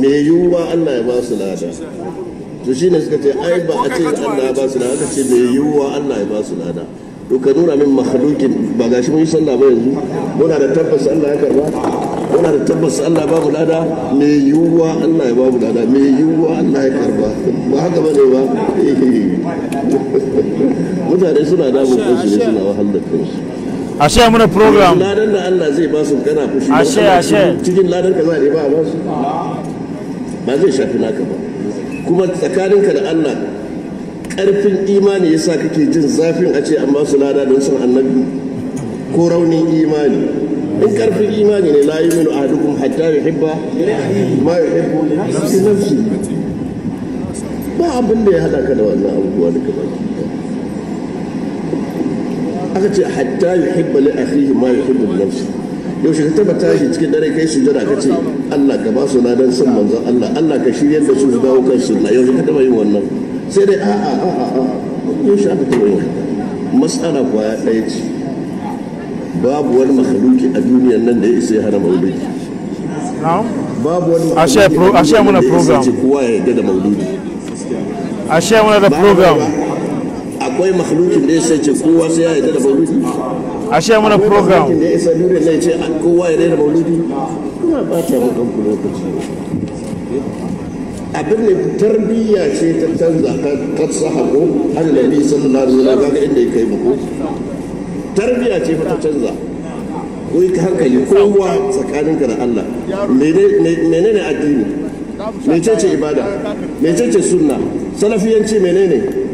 me yiwuwa Allah ya ba su lada to shine suka ce ai ba a ce Allah ya ba su lada ce me yiwuwa Allah ya ba su lada to ka nuna min makhlukin ba gashi mun yi sallah ba yanzu muna da tabbas Allah ya karba muna da tabbas Allah ba mu lada me yiwuwa Allah ya ba mu lada me yiwuwa Allah ya karba ba haka ba ne ba mutane suna damun su ne suna wahalar da kansu a shaya muna program ladan da Allah zai ba su kana fushi a ashe a cikin ladan ka za a ba a ba su ba zai shafi naka ba kuma tsakaninka da Allah karfin imani yasa kake jin zafin a ce an ba su lada don san annabi ko raunin imani in karfin imani ne la yuminu ahadukum hatta yuhibba ma yuhibbu nafsi nafsi ba abin da ya hada ka da wannan abubuwa duka ba aka ce hatta yuhibba li akhihi ma yuhibbu nafsi yaushe ka taba tashi cikin dare kai sujada ka ce Allah ka ba su ladan san manzon Allah Allah ka shirya da su su dawo kan su sunna yaushe ka taba yin wannan sai dai a'a a'a a'a yaushe aka taba yin mas'ala kwaya ɗaya ce babu wani makhluki a duniyar nan da ya isa ya hana maulidi babu wani makhluki a duniyar nan da ya isa ya hana maulidi a share muna da program akwai makhlukin da ya sai ce kowa sai ya yi da mauludi a shi mana program da ya sai nuna zai ce ah, kowa ya yarda da mauludi kuma ba ta mukan ku lokaci abin ne tarbiyya ce ta canza ta da annabi sun alaihi wasallam ga inda ya kai muku tarbiyya ce fa ta canza wai ka hankali kowa tsakaninka da Allah menene addini mecece ibada mecece sunna salafiyanci menene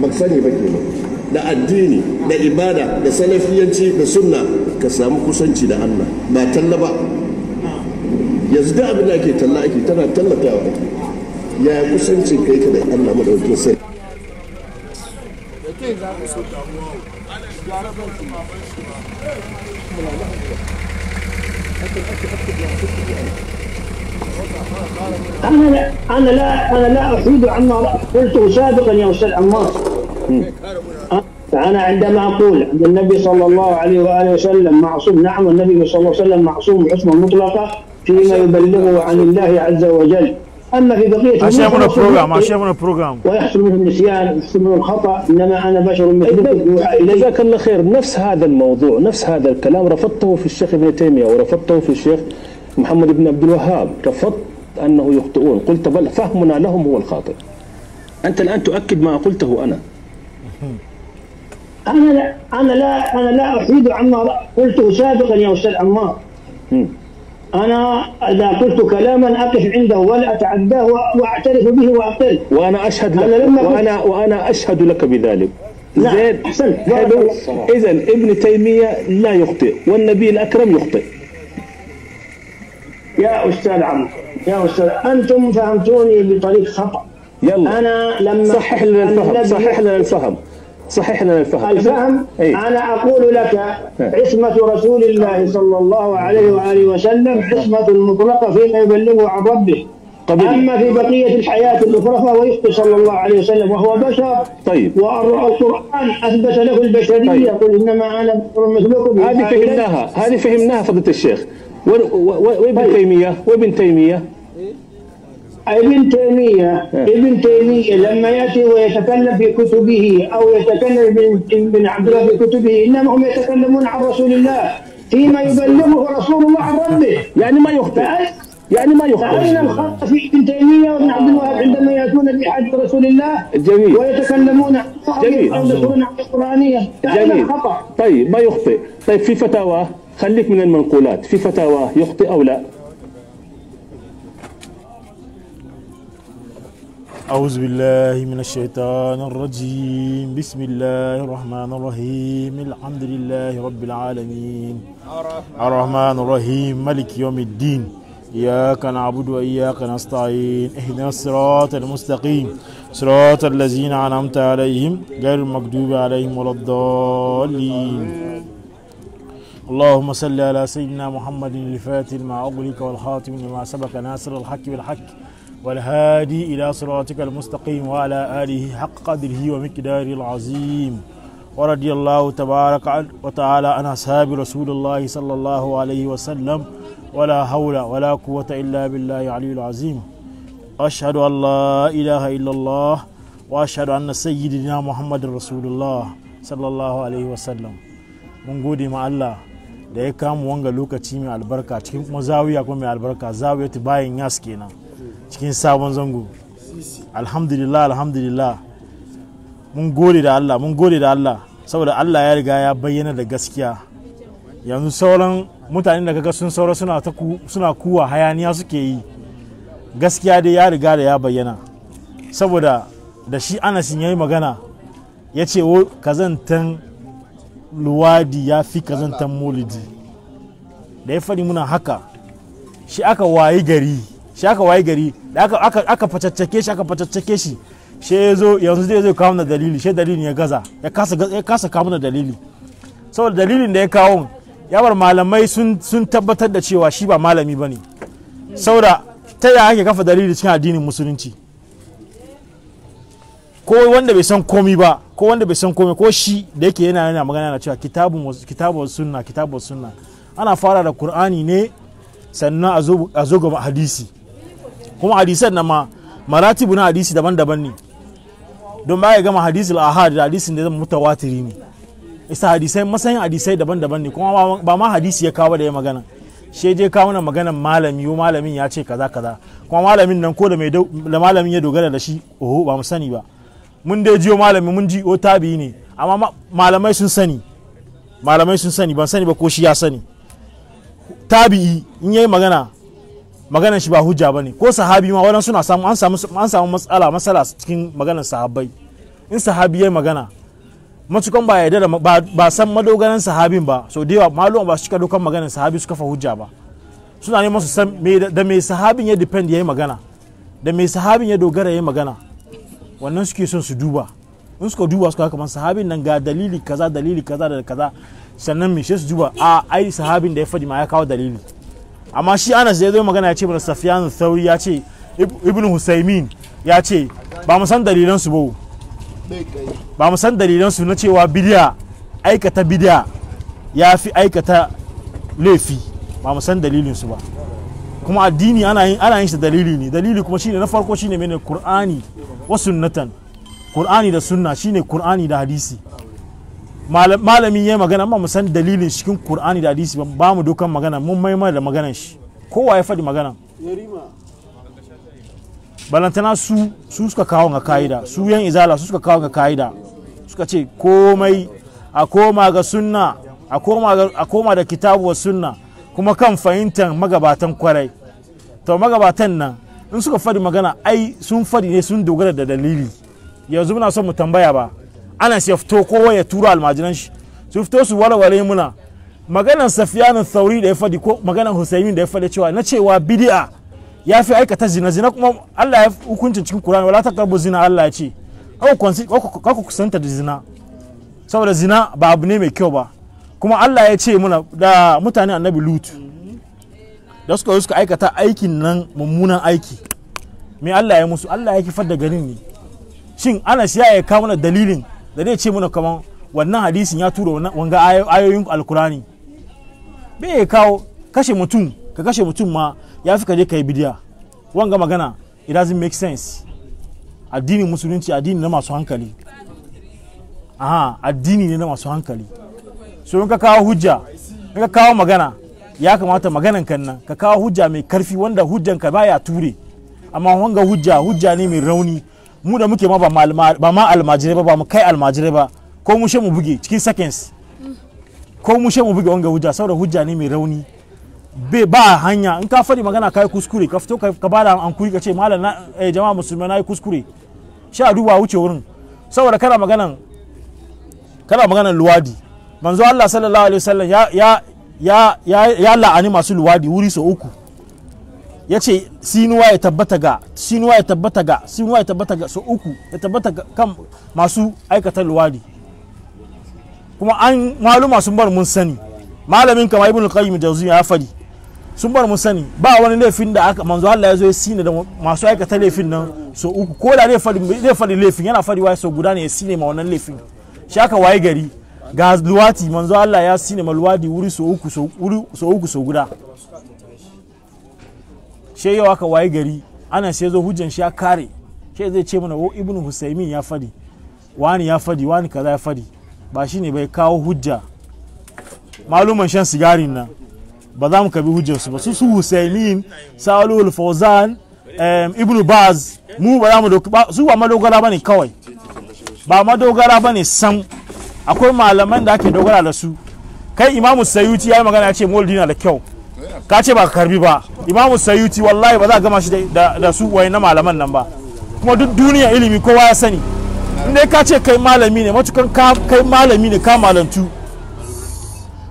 ba sani ba kenan da addini da ibada da salafiyanci da sunna ka samu kusanci da Allah ba talla ba yanzu da abin da ake talla ake tana tallatawa ake ya kusancin kai ka da Allah madaukakin sai Thank you. أنا لا أنا لا أنا لا أحيد عما قلته سابقا يا أستاذ عمار أنا عندما أقول أن النبي صلى الله عليه وآله وسلم معصوم نعم النبي صلى الله عليه وسلم معصوم حسنة مطلقة فيما يبلغه عن الله عز وجل أما في بقية البروجرام ويحصل منه النسيان ويحصل منه الخطأ إنما أنا بشر مثلكم طيب، يوحى جزاك الله خير نفس هذا الموضوع نفس هذا الكلام رفضته في الشيخ ابن تيمية ورفضته في الشيخ محمد بن عبد الوهاب رفضت أنه يخطئون قلت بل فهمنا لهم هو الخاطئ أنت الآن تؤكد ما قلته أنا أنا لا أنا لا أنا لا أحيد عما قلته سابقا يا أستاذ عمار أنا إذا قلت كلاما أقف عنده ولا أتعداه وأعترف به وأقل وأنا أشهد لك وأنا وأنا أشهد لك بذلك نعم، زين إذا ابن تيمية لا يخطئ والنبي الأكرم يخطئ يا أستاذ عمرو يا أستاذ أنتم فهمتوني بطريق خطأ يلا أنا لما صحح لنا الفهم صحح لنا الفهم صحح لنا الفهم الفهم إيه؟ أنا أقول لك إيه. عصمة رسول الله صلى الله عليه وآله وسلم عصمة مطلقة فيما يبلغه عن ربه قبل. أما في بقية الحياة الأخرى فهو يخطئ صلى الله عليه وسلم وهو بشر طيب والقرآن أثبت له البشرية طيب. قل إنما أنا مثلكم هذه فهمناها هذه فهمناها فضيلة الشيخ وابن طيب. تيمية وابن تيمية ابن تيمية إيه؟ ابن تيمية لما يأتي ويتكلم في كتبه أو يتكلم ابن عبد الله في كتبه إنما هم يتكلمون عن رسول الله فيما يبلغه رسول الله عن ربه يعني ما يخطئ يعني ما يخطئ فاين الخطا في ابن تيمية وابن عبد الوهاب عندما يأتون بحديث رسول الله جميل ويتكلمون جميل عن القرآنية جميل الخطأ طيب ما يخطئ طيب في فتاواه خليك من المنقولات في فتاواه يخطئ أو لا أعوذ بالله من الشيطان الرجيم بسم الله الرحمن الرحيم الحمد لله رب العالمين الرحمن الرحيم ملك يوم الدين إياك نعبد وإياك نستعين اهدنا الصراط المستقيم صراط الذين أنعمت عليهم غير المغضوب عليهم ولا الضالين اللهم صل على سيدنا محمد الفاتح مع أغلق والخاتم لما سبق ناصر الحق بالحق والهادي إلى صراطك المستقيم وعلى آله حق قدره ومقداره العظيم ورضي الله تبارك وتعالى عن أصحاب رسول الله صلى الله عليه وسلم ولا حول ولا قوة إلا بالله العلي العظيم أشهد أن لا إله إلا الله وأشهد أن سيدنا محمد رسول الله صلى الله عليه وسلم من قدم الله da ya kamu wanga lokaci mai albarka cikin kuma zawiya kuma mai albarka zawiya ta bayan yas kenan cikin sabon zango alhamdulillah alhamdulillah mun gode da Allah mun gode da Allah saboda Allah ya riga ya bayyana da gaskiya yanzu sauran mutane da kaga sun saura suna ta suna kuwa hayaniya suke yi gaskiya dai ya riga da ya bayyana saboda da shi anasin yayi magana ya ce kazantan luwadi ya fi kazantar molidi da ya faɗi muna haka shi aka wayi gari shi aka wayi gari da aka facaccake shi aka facaccake shi shi ya zo yanzu zai zo kawo na dalili shi dalilin ya gaza ya kasa kawo na dalili saboda dalilin da ya kawo yawar malamai sun tabbatar da cewa shi ba malami ba ne saboda ta yaya ake kafa dalili cikin addinin musulunci ko wanda bai san komi ba ko wanda bai san komai ko shi da yake yana yana magana na cewa kitabun kitabun sunna kitabun sunna ana fara da qur'ani ne sannan a zo gaba hadisi kuma hadisan nan ma maratibu na hadisi daban-daban ne don ba ya gama hadisi al-ahad da hadisin da zama mutawatiri ne isa hadisai masayin hadisai daban-daban ne kuma ba ma hadisi ya kawo da ya magana shi je kawo na magana malami yo malamin ya ce kaza kaza kuma malamin nan ko da malamin ya dogara da shi oho ba mu sani ba mun dai jiyo malami mun ji o tabi ne amma malamai sun sani malamai sun sani ban sani ba ko shi ya sani tabi in yayi magana maganar shi ba hujja bane ko sahabi ma wadansu suna samu an samu an samu matsala matsala cikin maganar sahabbai in sahabi yayi magana matukan ba yarda da ba san madogaran sahabin ba so da yawa malum ba su cika dokan maganar sahabi su kafa hujja ba suna neman su san da mai sahabin ya depend yayi magana da mai sahabin ya dogara yayi magana wannan suke son su duba in suka duba suka kamar sahabin nan ga dalili kaza dalili kaza da kaza sannan me su duba a ai sahabin da ya fadi ma ya kawo dalili amma shi Anas ya zo magana ya ce mana Safiyan sauri ya ce Ibn Husaymin ya ce ba mu san dalilan su ba ba mu san dalilan su na cewa bidiya aikata bidiya ya fi aikata laifi ba mu san dalilin su ba kuma addini ana yin ana yin shi dalili ne dalili kuma shine na farko shine mene Qur'ani wasunnatan sunnatan qur'ani da sunna shine qur'ani da hadisi malamin ya magana amma mu san dalilin cikin qur'ani da hadisi ba mu dukan magana mun mai da maganan shi kowa ya faɗi magana balantana su su suka kawo ga ka'ida su yan izala su suka kawo ga ka'ida suka ce komai a koma ga sunna a koma da kitabu wa sunna kuma kan fahimtar magabatan kwarai to magabatan nan in suka fadi magana ai sun fadi ne sun dogara da dalili yanzu muna son mu tambaya ba ana ya fito kowa ya tura almajiran shi su fito su warware muna maganar safiyanin sauri da ya fadi ko maganar husaymin da ya fadi cewa na cewa bidi'a ya fi aikata zina zina kuma Allah ya hukuncin cikin Qur'ani wala karbo zina Allah ya ce ka kusanta da zina saboda zina ba abu ne mai kyau ba kuma Allah ya ce muna da mutane annabi lutu da suka yi suka aikata aikin nan mummunan aiki me Allah ya musu Allah ya kifar da garin ne shin ana siya ya kawo mana dalilin da zai ce mana kaman wannan hadisin ya tura wanga ayoyin alkurani bai ya kawo kashe mutum ka kashe mutum ma ya fi kaje ka yi bidiya wanga magana it doesn't make sense addinin musulunci addini na masu hankali aha addini ne na masu hankali so in ka kawo hujja in ka kawo magana ya kamata maganan kan nan ka kawo hujja mai karfi wanda hujjan ka baya ture amma wanga hujja hujja ne mai rauni mu da muke ma ba ma almajirai ba ba mu kai almajirai ba ko mu she mu buge cikin seconds ko mu she mu buge wanga hujja saboda hujja ne mai rauni be ba hanya in ka faɗi magana kai kuskure ka fito ka bada an kuri ka ce malam na eh, jama'a musulmai na yi kuskure sha duba wuce wurin saboda kana maganan kana maganan luwadi manzo Allah sallallahu alaihi wasallam ya, ya ya, la'ani masu luwadi wuri sau uku ya ce sinuwa ya tabbata ga sinuwa ya tabbata ga sinuwa ya tabbata ga sau uku ya tabbata kan masu aikata luwadi kuma an maluma sun bar mun sani malamin kama ibn qayyim jawziya ya fadi sun bar mun sani ba wani laifin da aka manzo Allah ya zo ya sine da masu aikata laifin nan sau uku ko da zai fadi laifin yana fadi wai sau guda ne ya sine ma wannan laifin shi aka waye gari ga luwati manzo Allah ya sine ma wuri so uku so so uku so guda she yau aka waye gari ana sai zo hujjan shi ya kare she zai ce mana wo ibnu husaymin ya fadi wani ya fadi wani kaza ya fadi ba shine bai kawo hujja maluman shan sigarin nan ba za mu kabi su ba su su husaymin salul fawzan ibnu baz mu ba za mu su ba madogara bane kawai ba madogara bane sam akwai malaman da ake dogara da su kai imamu sayuti ya yi magana ya ce maulidi na da kyau ka ce ba ka karbi ba imamu sayuti wallahi ba za a gama shi da su wai na malaman nan ba kuma duk duniya ilimi kowa ya sani inda ka ce kai malami ne matukan kai malami ne ka malantu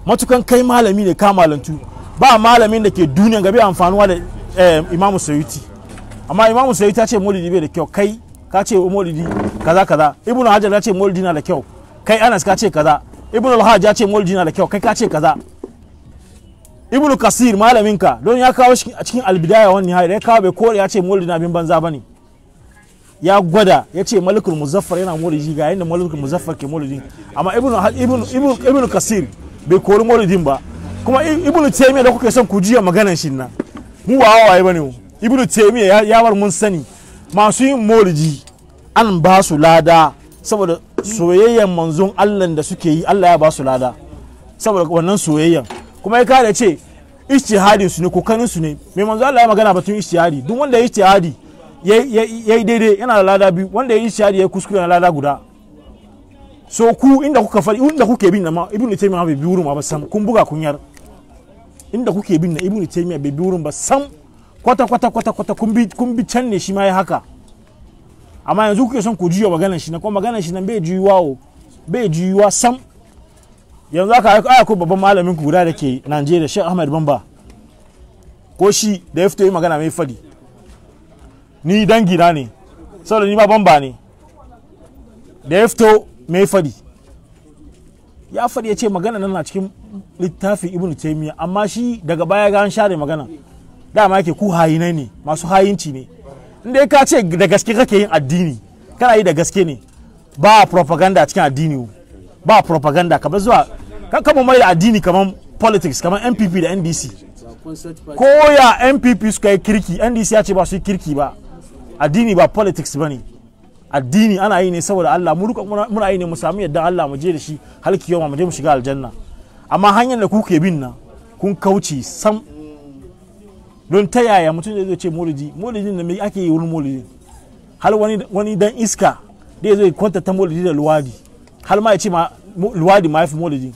matukan kai malami ne ka malantu ba malamin da ke duniya gabe amfanuwa da eh, imamu sayuti amma imamu sayuti ya ce maulidi bai da kyau kai ka ce maulidi kaza kaza ibnu hajar ya ce maulidi na da kyau kai anas ka ce kaza ibn al-hajj ya ce maulidi na da kyau kai ka ce kaza ibn kasir malamin ka don ya kawo a cikin albidaya wani hayar ya kawo bai kore ya ce maulidi na bin banza bane ya gwada ya ce malikul muzaffar yana maulidi ga yanda malikul muzaffar ke maulidi amma ibn ibn ibn kasir bai kori maulidin ba kuma ibn taymiya da kuke son ku jiya maganan shin nan mu ba wawaye bane mu ibn taymiya ya bar mun sani masu yin maulidi an ba su lada saboda soyayyan manzon Allah da suke yi Allah ya ba su lada saboda wannan soyayyan kuma ya kada ce ijtihadin su ne kokarin su ne mai manzo Allah ya magana batun ishtihadi duk wanda ya ishtihadi yayi daidai yana da lada biyu wanda ya ishtihadi yayi kuskure na lada guda so ku inda kuka fari inda kuke bin ma ibn taymiya bai bi wurin ba sam kun buga kun yar inda kuke bin na ibn taymiya bai bi wurin ba sam kwata kwata kwata kwata kun bi kun bi can ne shi ma ya haka amma yanzu kuke son ku juya maganar shi na kuma maganar shi nan bai juyuwa o bai juyuwa sam yanzu aka aya ko babban malamin ku guda da ke Najeriya Sheikh Ahmed Bamba ko shi da ya fito yi magana mai fadi ni dangi na ne saboda ni ba Bamba ne da ya fito mai fadi ya fadi ya ce magana nan na cikin littafin Ibn Taymiyyah amma shi daga baya ga an share magana dama yake ku hayinai ne masu hayinci ne inda ka ce da gaske kake yin addini kana yi da gaske ne ba propaganda a cikin addini ba propaganda kamar zuwa kama mai da addini kamar politics kamar npp da ndc ko ya npp suka yi kirki ndc ya ce ba su yi kirki ba addini ba politics ba ne addini ana yi ne saboda allah muna yi ne mu sami yadda allah mu je da shi halki yau mu je mu shiga aljanna amma hanyar da kuke bin na kun kauce sam don ta yaya mutum zai zo ce maulidi maulidin da mai ake yi wurin maulidi har wani dan iska da ya zo kwanta ta maulidi da luwadi har ma ya ce luwadi ma ya fi maulidi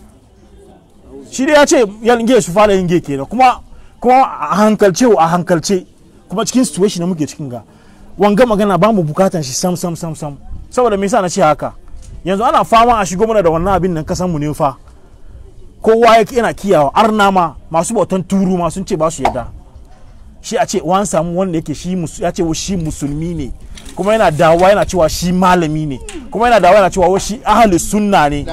shi dai ya ce yalinge su fara yin geke da kuma kuma a hankalce a hankalce kuma cikin situation da muke cikin ga wanga magana ba mu bukatan shi sam sam sam sam saboda me yasa na ce haka yanzu ana fama a shigo mana da wannan abin nan kasan mu ne fa kowa yana kiyawa arna ma masu bautan turu ma sun ce ba su yadda shi a ce wani samu wanda yake shi ya ce shi musulmi ne kuma yana dawa yana cewa shi malami ne kuma yana dawa yana cewa shi ahli sunna ne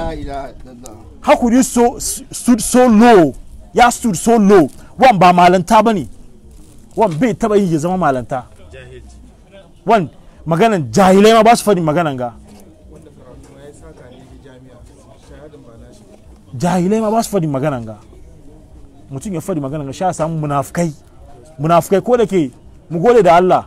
hakuri so stood so low ya stood so low wan ba malanta bane wan bai taba yi ya zama malanta wan maganan jahilai ma ba su faɗin maganan ga jahilai ma ba su faɗin maganan ga mutum ya faɗi maganan ga sha samu munafukai munafukai ko da ke mu gode da Allah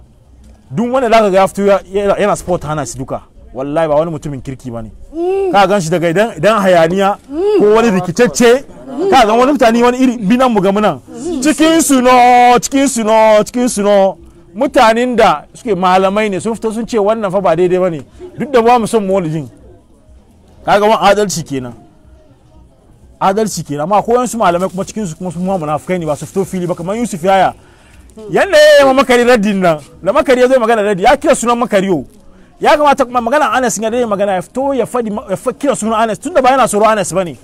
duk wanda ka ga ya fito yana sport hana su duka wallahi ba wani mutumin kirki ba ne mm. ka gan shi daga idan hayaniya ko mm. wani rikicacce mm. ka gan wani mutane wani iri binan mu ga munan cikin su no cikin su no cikin su no mutanen da suke malamai ne sun fito sun ce wannan fa ba daidai ba ne duk da ba mu son ka ga wani adalci kenan adalci kenan amma ko yansu malamai kuma cikin su kuma su munafukai ne ba su fito fili ba kamar Yusuf yaya yanda ya yi makari radin nan da makari ya zo magana radi ya kira sunan makariyo ya kamata kuma magana anas ya dai magana ya fito ya fadi ya kira sunan anas tunda ba yana tsoro anas ne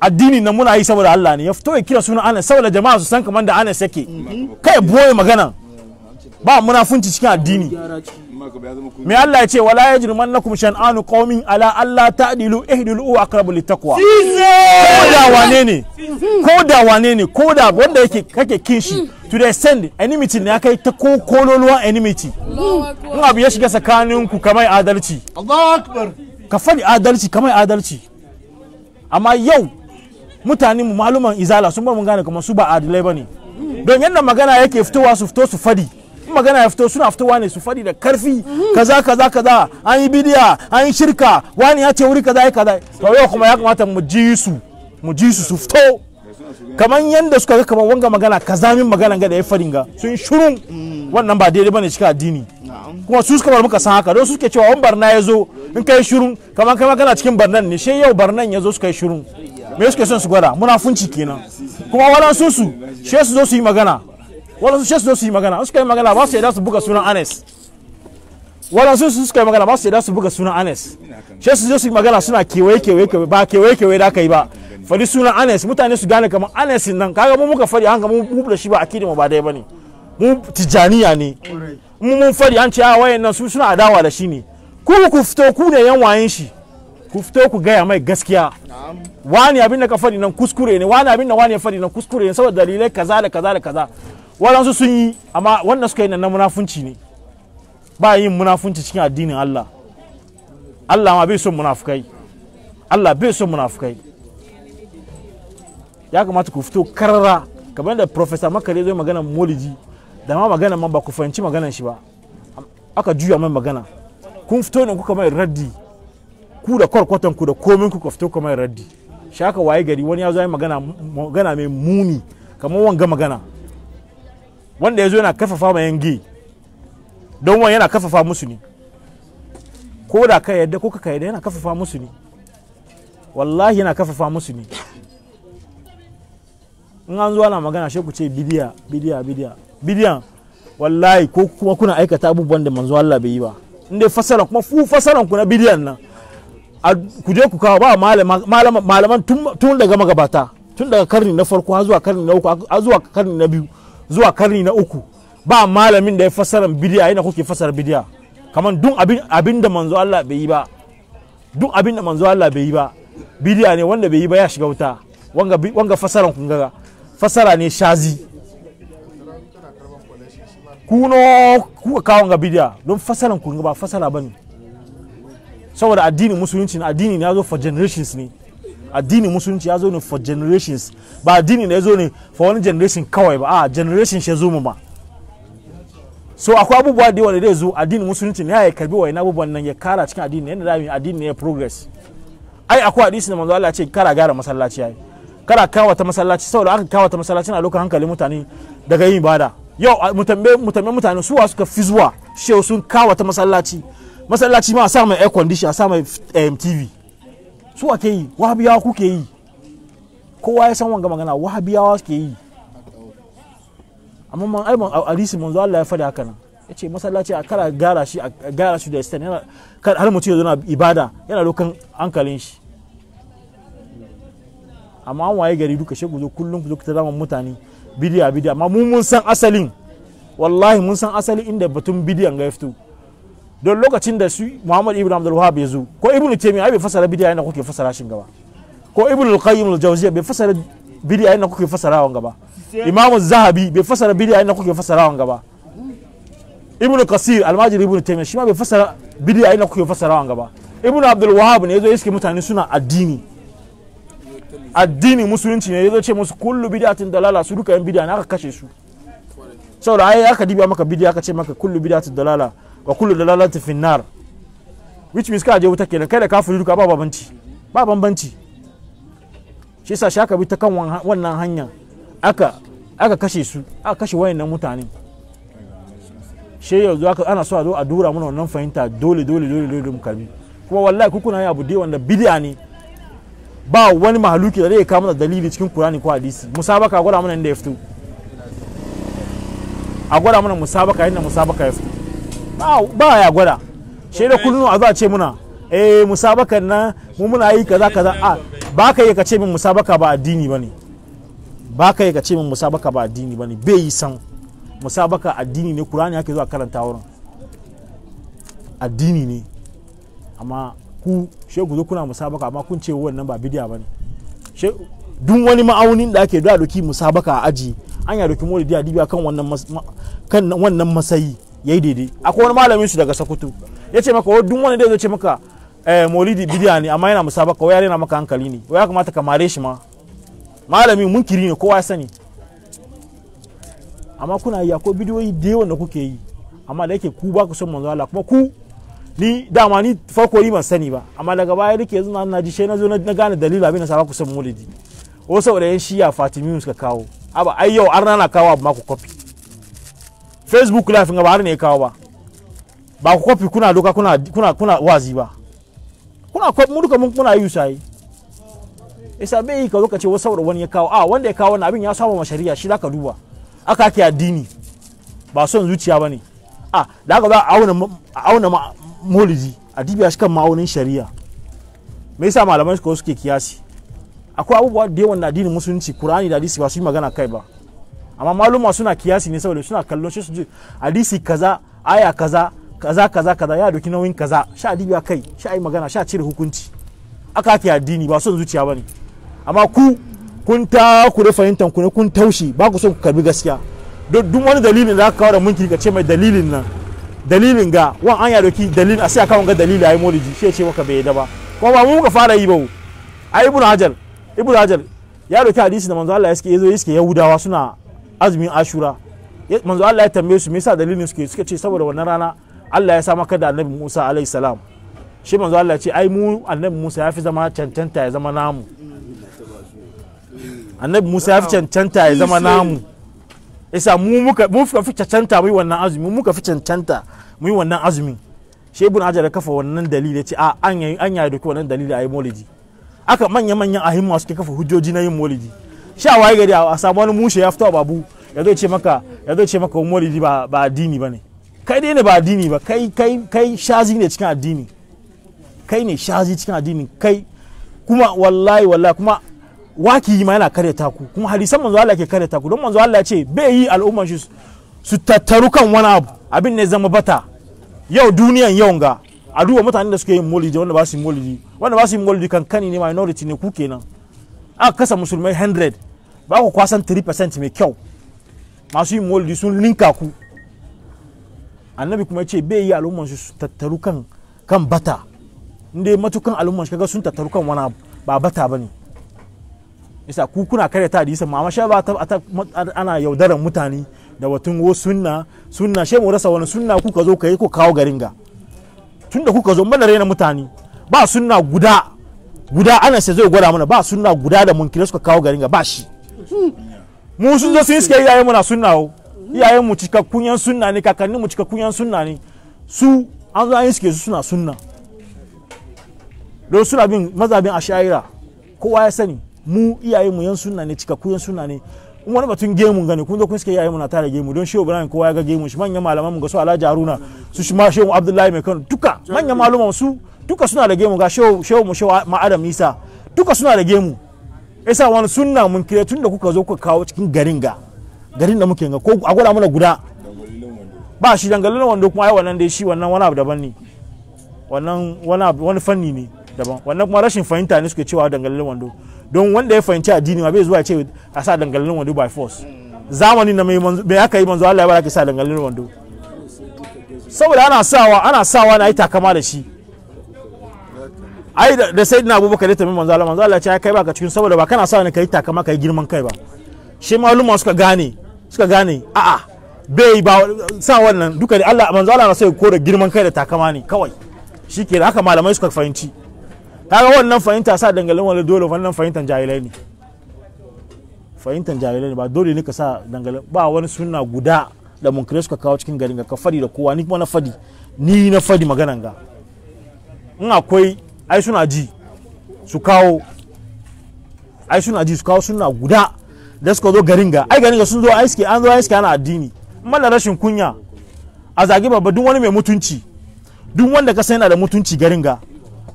addini nan muna yi saboda Allah ne ya fito ya kira sunan anas saboda jama'a su san kamar da anas yake mm-hmm. kai boye magana ba munafunci cikin addini me Allah ya ce wala yajrimannakum shan'anu qaumin ala Allah ta'dilu ihdilu aqrabu littaqwa ko da wane ko da wane ne ko da wanda yake kake kinshi to the send enmity ne kai ta ko kololuwa enmity in abu ya shiga tsakaninku ku kamar adalci ka faɗi adalci kamar adalci amma yau mutane mu maluman izala sun ba mun gane kamar su ba adalai bane don yadda magana yake fitowa su fito su fadi magana ya fito suna fitowa ne su faɗi da karfi kaza kaza kaza an yi bidiya an yi shirka wani ya ce wuri kaza ya kaza to yau kuma ya kamata mu ji su mu ji su su fito kamar yanda suka ga kamar wanga magana min magana ga da ya faɗin ga sun shurun wannan ba daidai bane cikin addini kuma su suka bar muka san haka don suke cewa wani barna ya zo in kai shurun kamar kai magana cikin barnan ne sai yau barnan ya zo suka yi shurun me suke son su gwada munafunci kenan kuma waɗansu su sai su zo su yi magana wadansu shi su su yi magana suka yi magana ba su yadda su buga sunan anes wadansu su suka yi magana ba su yadda su buga sunan anes shi su yi magana suna kewaye kewaye ba kewaye kewaye da aka yi ba fadi sunan anes mutane su gane kamar anes nan kaga mu muka faɗi hanga mu da shi ba a kidi mu ba dai bane mu tijaniya ne mu mun fadi an ce a ah, wayan nan su suna adawa da shi ne ku ku fito ku ne yan wayen shi ku fito ku gaya mai gaskiya wani abin da ka fadi nan kuskure ne wani abin da wani ya fadi nan kuskure ne saboda dalilai kaza da kaza da kaza waɗansu sun yi amma wanda suka yi na munafunci ne ba yin munafunci cikin addinin Allah Allah ma bai son munafukai Allah bai son munafukai ya kamata ku fito karara kamar da professor makare zai magana moliji da ma magana ma ba ku fahimci magana shi ba aka juya mai magana kun fito ne ku mai raddi ku da kwarkwatan ku da komin ku fito kuma raddi shi aka waye gari wani ya zo yi magana mai muni kamar wanga magana wanda ya zo yana kafafa ma yan don wani yana kafafa musu ne ko da ka yadda ko ka yadda yana kafafa musu ne wallahi yana kafafa musu ne in an zuwa na magana shi ku ce bidiya bidiya bidiya bidiyan wallahi ko kuma kuna aikata abubuwan da manzo Allah bai yi ba in dai fasara kuma fu fasaran ku na bidiyan nan ku je ku kawo ba malaman tun daga magabata tun daga karni na farko har zuwa karni na uku har zuwa karni na biyu zuwa karni na uku ba malamin da ya fasara bidiya yana kuke fasara bidiya kamar duk abin abin da manzo Allah bai yi ba duk abin da manzo Allah bai yi ba bidiya ne wanda bai yi ba ya shiga wuta wanga wanga fasaran kun ga. fasara ne shazi kuno ku kawo ga bidiya don fasaran kun ga, ba fasara bane saboda addinin musulunci addini ne ya zo for generations ne Addini musulunci ya zo ne for generations ba addini ne ya zo ne for wani generation kawai ba a generation shi ya zo mu ba. so akwai abubuwa da yawa da zai zo addini musulunci ne ya karbi wayan abubuwan nan ya kara cikin addini yana da addini ne ya progress ai akwai hadisi da manzo Allah ya ce kara gara masallaci yayi kara kawo ta masallaci saboda aka kawo ta masallaci na lokacin hankalin mutane daga yin ibada yau mutambe mutambe mutane wa suka fi zuwa shehu sun kawo ta masallaci masallaci ma a sa mai air condition a sa mai eh, tv su ake yi wahabiyawa kuke yi kowa ya san wanga magana wahabiyawa suke yi amma man aiman alisi manzo Allah ya faɗi haka nan ya ce masallaci a kara gara shi a gara shi da istan yana kar har mutum ya zo ibada yana lokan hankalin shi amma an waye gari duka shegu zo kullum zo ta zama mutane bidiya bidiya amma mun mun san asalin wallahi mun san asalin inda batun bidiyan ga ya fito don lokacin da su Muhammad ibn Abdul wahab ya zo ko ibn Taymiyyah bai fasara bid'a yana kuke fasara shin gaba ko ibn al-Qayyim al-Jawziyya bai fasara bid'a yana kuke fasara wan gaba Imam Zahabi bai fasara bid'a yana kuke fasara wan gaba Ibn Kasir al-Majid ibn Taymiyyah shi ma bai fasara bid'a yana kuke fasara wan gaba Ibn Abdul wahab ne yazo iske mutane suna addini addini musulunci ne yazo ce musu kullu bid'atin dalala su duka yan bid'a na aka kashe su saboda ai aka dibiya maka bid'a aka ce maka kullu bid'atin dalala wa kullu dalalati fi nar which means ka je wuta kenan kai da kafiri duka ba babanci ba bambanci shi yasa shaka bi ta kan wannan hanya aka aka kashe su aka kashe wayannan mutane she yanzu aka ana so a zo a dura mana wannan fahimta dole dole dole dole mu karbi kuma wallahi kukuna yi bude wanda bid'a ne ba wani mahaluki da zai kawo mana dalili cikin Qur'ani ko hadisi musabaka gwada mana inda ya fito a gwada mana musabaka inda musabaka ya fito ba ya gwada shi da kullum a zuwa ce muna eh musabakan nan mu muna yi kaza kaza a ba ka yi ka ce min musabaka ba addini bane ba ka yi ka ce min musabaka ba addini bane bai yi san musabaka addini ne kurani yake zuwa karanta wurin addini ne amma ku she ku zo kuna musabaka amma kun ce wannan ba bidiya bane she duk wani ma'aunin da ake da doki musabaka a aji an ya doki molidi a dibiya kan wannan kan wannan masayi yi daidai akwai wani malamin su daga Sokoto ya ce maka duk wanda zai ce maka eh maulidi bidiya ne amma yana musabaka wai yana maka hankali ne wai ya kamata ka mare shi ma malami munkiri ne kowa ya sani amma kuna yi akwai bidiyoyi da yawan da kuke yi amma da yake ku ba ku son manzo Allah kuma ku ni dama ni farko ni ban sani ba amma daga baya dake yanzu na ji shi na zo na gane dalilin abin da sa ba ku son maulidi wasu da yan shiya fatimiyu suka kawo aba ai yau an rana kawo abu ma ku kofi facebook live nga ba har ne kawo ba ba ku kofi kuna doka kuna kuna kuna wazi ba kuna kofi mu duka mun kuna yi sai isa bai yi ka lokaci wasu saboda wani ya kawo a ah, wanda ya kawo wannan abin ya saba ma shari'a shi zaka duba aka ake addini ba son zuciya bane a ah, da aka za a auna auna molidi a dibiya shi kan ma'aunin shari'a me yasa malamai suke kiyasi akwai abubuwa da yawan addinin musulunci qur'ani da hadisi ba su yi magana kai ba amma maluma suna kiyasi ne saboda suna kallon shi su ji hadisi kaza aya kaza kaza kaza kaza ya doki nauyin kaza sha dibiya kai sha yi magana sha cire hukunci aka ake addini ba son zuciya bane amma ku kun ta ku da fahimtar ku ne kun taushi ba ku son ku karbi gaskiya duk wani dalilin da aka kawo da mun ka ce mai dalilin nan dalilin ga wan an ya doki dalilin a sai aka ga dalili ai moliji shi ce maka bai yadda ba ko ba mu muka fara yi ba ai ibnu hajar ibnu hajar ya doki hadisi da manzo Allah ya suke yazo suke yahudawa suna azumin ashura manzo Allah ya tambaye su me yasa dalilin suke suka ce saboda wannan rana Allah ya sa maka da annabi Musa alaihi salam shi manzo Allah ya ce ai mu annabi Musa ya fi zama cancanta ya zama namu annabi Musa ya fi cancanta ya zama namu isa mu muka mu fi cancanta mu yi wannan azumi mu muka fi cancanta mu yi wannan azumi shi ibn da kafa wannan dalili ya ce a an yayi an yayi da wannan dalili ayi maulidi aka manya manyan ahimma suke kafa hujjoji na yin molidi sha waye gari a samu wani mushe ya fito a babu ya zo ce maka ya zo ce maka maulidi ba ba addini bane kai dai ne ba addini ba kai kai kai shazi ne cikin addini kai ne shazi cikin addini kai kuma wallahi wallahi kuma waki ma yana ta ku kuma hadisan manzo Allah ke ta ku don manzo Allah ya ce bai yi al'umma shi su tattaru kan wani abu abin ne zama bata yau duniyan yau ga a duba mutanen da suke yin molidi wanda ba su yi molidi wanda ba su yi molidi kankani ne minority ne ku kenan aka kasa musulmai 100 ba ku kwasan 3% mai kyau masu yin maulidi sun linka ku annabi kuma ce bai yi al'umman su tattaru kan bata inda matukan al'umman kaga sun tattaru kan wani ba bata bane isa ku kuna ta hadisin ma amma ba ta ana yaudaran mutane da watun wo sunna sunna she mu rasa wani sunna kuka zo kai ko kawo garinga tunda kuka zo mana raina mutane ba sunna guda guda ana sai zai gwada mana ba sunna guda da mun kira suka kawo garin ga ba shi mu sun zo sun iske iyayen mu na sunna o iyayen mu cikakkun yan sunna ne kakannin mu cikakkun yan sunna ne su an zo an iske su suna sunna don suna bin mazabin ashaira kowa ya sani mu iyayen mu yan sunna ne cikakkun yan sunna ne in wani batun gemun gani kun zo kun suke yayin muna tare gemu don shehu ibrahim kowa ya ga gemun shi manyan malaman mu ga su alhaji haruna su shi ma shehu abdullahi mai kano duka manyan malaman su duka suna da gemu ga shehu mu shehu ma'adam nisa duka suna da gemu yasa wani sunna mun kire tun da kuka zo kuka kawo cikin garin ga garin da muke ga ko a gwada mana guda ba shi dangalin wando kuma ai wannan dai shi wannan wani abu daban ne wannan wani wani fanni ne daban wannan kuma rashin fahimta ne suke cewa dangalin wando don wanda ya fahimci addini ma bai zuwa ya ce a sa dangalin wando by force zamanin na mai aka yi manzo Allah ya baraka sa dangalin wando saboda ana sawa ana sawa na yi takama da shi ai da sai na abubakar da tambayi manzo Allah manzo Allah ya kai baka cikin saboda ba kana sa ne kai takama kai girman kai ba shi maluma suka gane suka gane a'a bai ba sa wannan duka da Allah manzo Allah na sai kore girman kai da takama ne kawai ke da haka malamai suka fahimci kaga wannan fahimta sa dangalin wani dole wannan fahimtan jahilai ne fahimtan jahilai ne ba dole ne ka sa dangalin ba wani sunna guda da munkirai suka kawo cikin garin ka fadi da kowa ni kuma na fadi ni na fadi maganan ga in akwai ai suna ji su kawo ai suna ji su kawo suna guda da suka zo garin ga ai garin ga sun zo ai suke an zo ai suke ana addini da rashin kunya a zagi babba duk wani mai mutunci duk wanda ka san yana da mutunci garin ga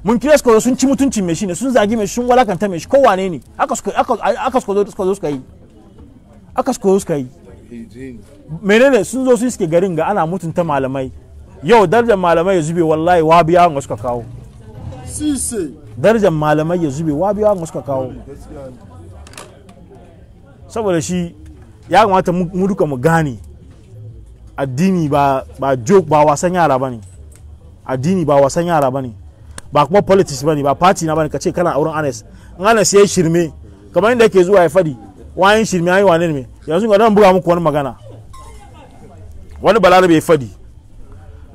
mun kira suka zo sun ci mutunci mai shi ne sun zagi mai sun walakanta mai shi kowane ne aka suka aka suka suka zo suka yi aka suka zo suka yi menene sun zo sun suke garin ga ana mutunta malamai yau darajar malamai ya zube wallahi wa biya suka kawo darajar malamai ya zube wa biya wasu ka kawo saboda shi ya kamata mu duka mu gane addini ba ba joke ba wasan yara a addini ba wasan yara bane ba kuma politics bani ba party na ka kace kana auren anes in Anas yayi shirme kamar inda yake zuwa ya fadi wayan shirme yi wane ne yanzu ga dan buga muku wani magana wani balarabe ya fadi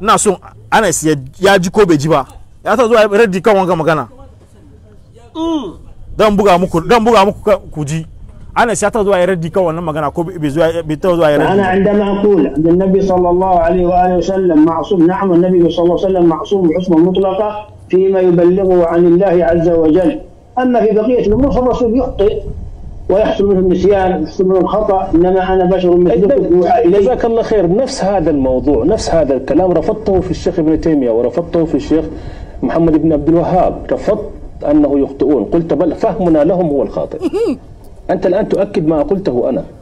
ina son anes ya ji ko bai ji ba ya kan wanga magana mm. dan buga muku dan buga muku kuji انا سياتو زوايا ردي كون لما كان اكو بيتو زوايا انا عندما اقول ان النبي صلى الله عليه واله وسلم معصوم نعم النبي صلى الله عليه وسلم معصوم بحسنه مطلقه فيما يبلغه عن الله عز وجل اما في بقيه الامور فالرسول يخطئ ويحصل منه النسيان ويحصل منه الخطا انما انا بشر مثلكم يوحى الي جزاك الله خير نفس هذا الموضوع نفس هذا الكلام رفضته في الشيخ ابن تيميه ورفضته في الشيخ محمد بن عبد الوهاب رفضت أنه يخطئون قلت بل فهمنا لهم هو الخاطئ أنت الآن تؤكد ما قلته أنا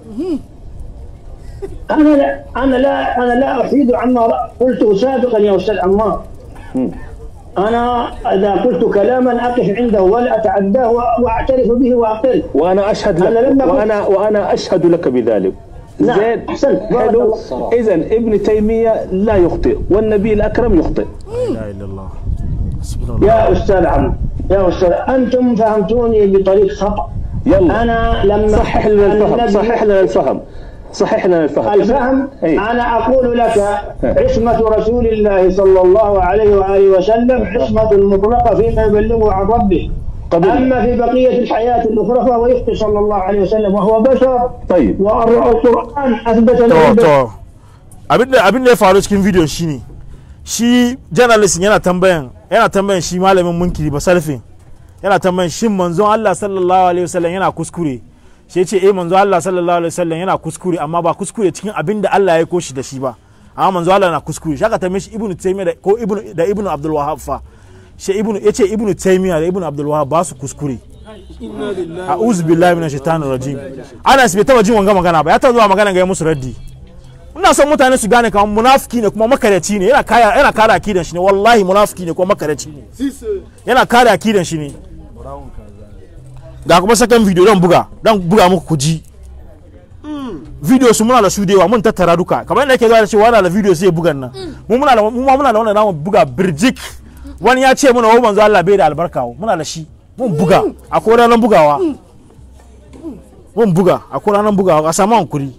أنا لا أنا لا أنا لا أحيد عما قلته سابقا يا أستاذ عمار أنا إذا قلت كلاما أقف عنده ولا أتعداه وأعترف به وأقل وأنا أشهد لك وأنا وأنا أشهد لك بذلك نعم زين احسنت حلو اذا ابن تيميه لا يخطئ والنبي الاكرم يخطئ لا اله الا الله يا استاذ عمرو يا استاذ انتم فهمتوني بطريق خطا يلا انا لما صحح لنا الفهم صحح لنا الفهم صحح لنا الفهم الفهم ايه؟ انا اقول لك إيه. عصمه رسول الله صلى الله عليه واله وسلم عصمه مطلقه فيما يبلغه عن ربه قبل. اما في بقيه الحياه الاخرى فهو يخطي صلى الله عليه وسلم وهو بشر طيب والقران اثبت له abin da abin da ya faru cikin bidiyon shine shi journalist yana tambayan yana tambayan shi malamin munkiri ba sarfin. yana tambayan shin manzon Allah sallallahu alaihi wasallam yana kuskure shi ce eh manzon Allah sallallahu alaihi wasallam yana kuskure amma ba kuskure cikin abin da Allah ya yi koshi da shi ba amma manzon Allah na kuskure shaka tambaye shi ibnu taymiya ko ibnu da ibnu abdul wahhab fa shi ibnu yace ibnu taymiya da ibnu abdul wahhab ba su kuskure a'udhu billahi minash shaitanir rajim Ana bai taba jin wanga magana ba ya taba zuwa magana ga musu raddi ina son mutane su gane kamar munafiki ne kuma makaraci ne yana kaya yana kare akidan shi ne wallahi munafiki ne kuma makaraci ne yana kare akidan shi ne ga kuma sakan video don buga don buga muku ku ji video su muna da su dewa mun tattara duka kamar yadda yake zuwa da cewa na da video sai bugan nan mu muna da mu muna da wannan namu buga birjik wani ya ce muna wai manzo Allah bai da albarka muna da shi mun buga akwai ranar bugawa mun buga akwai ranar bugawa a samu hankuri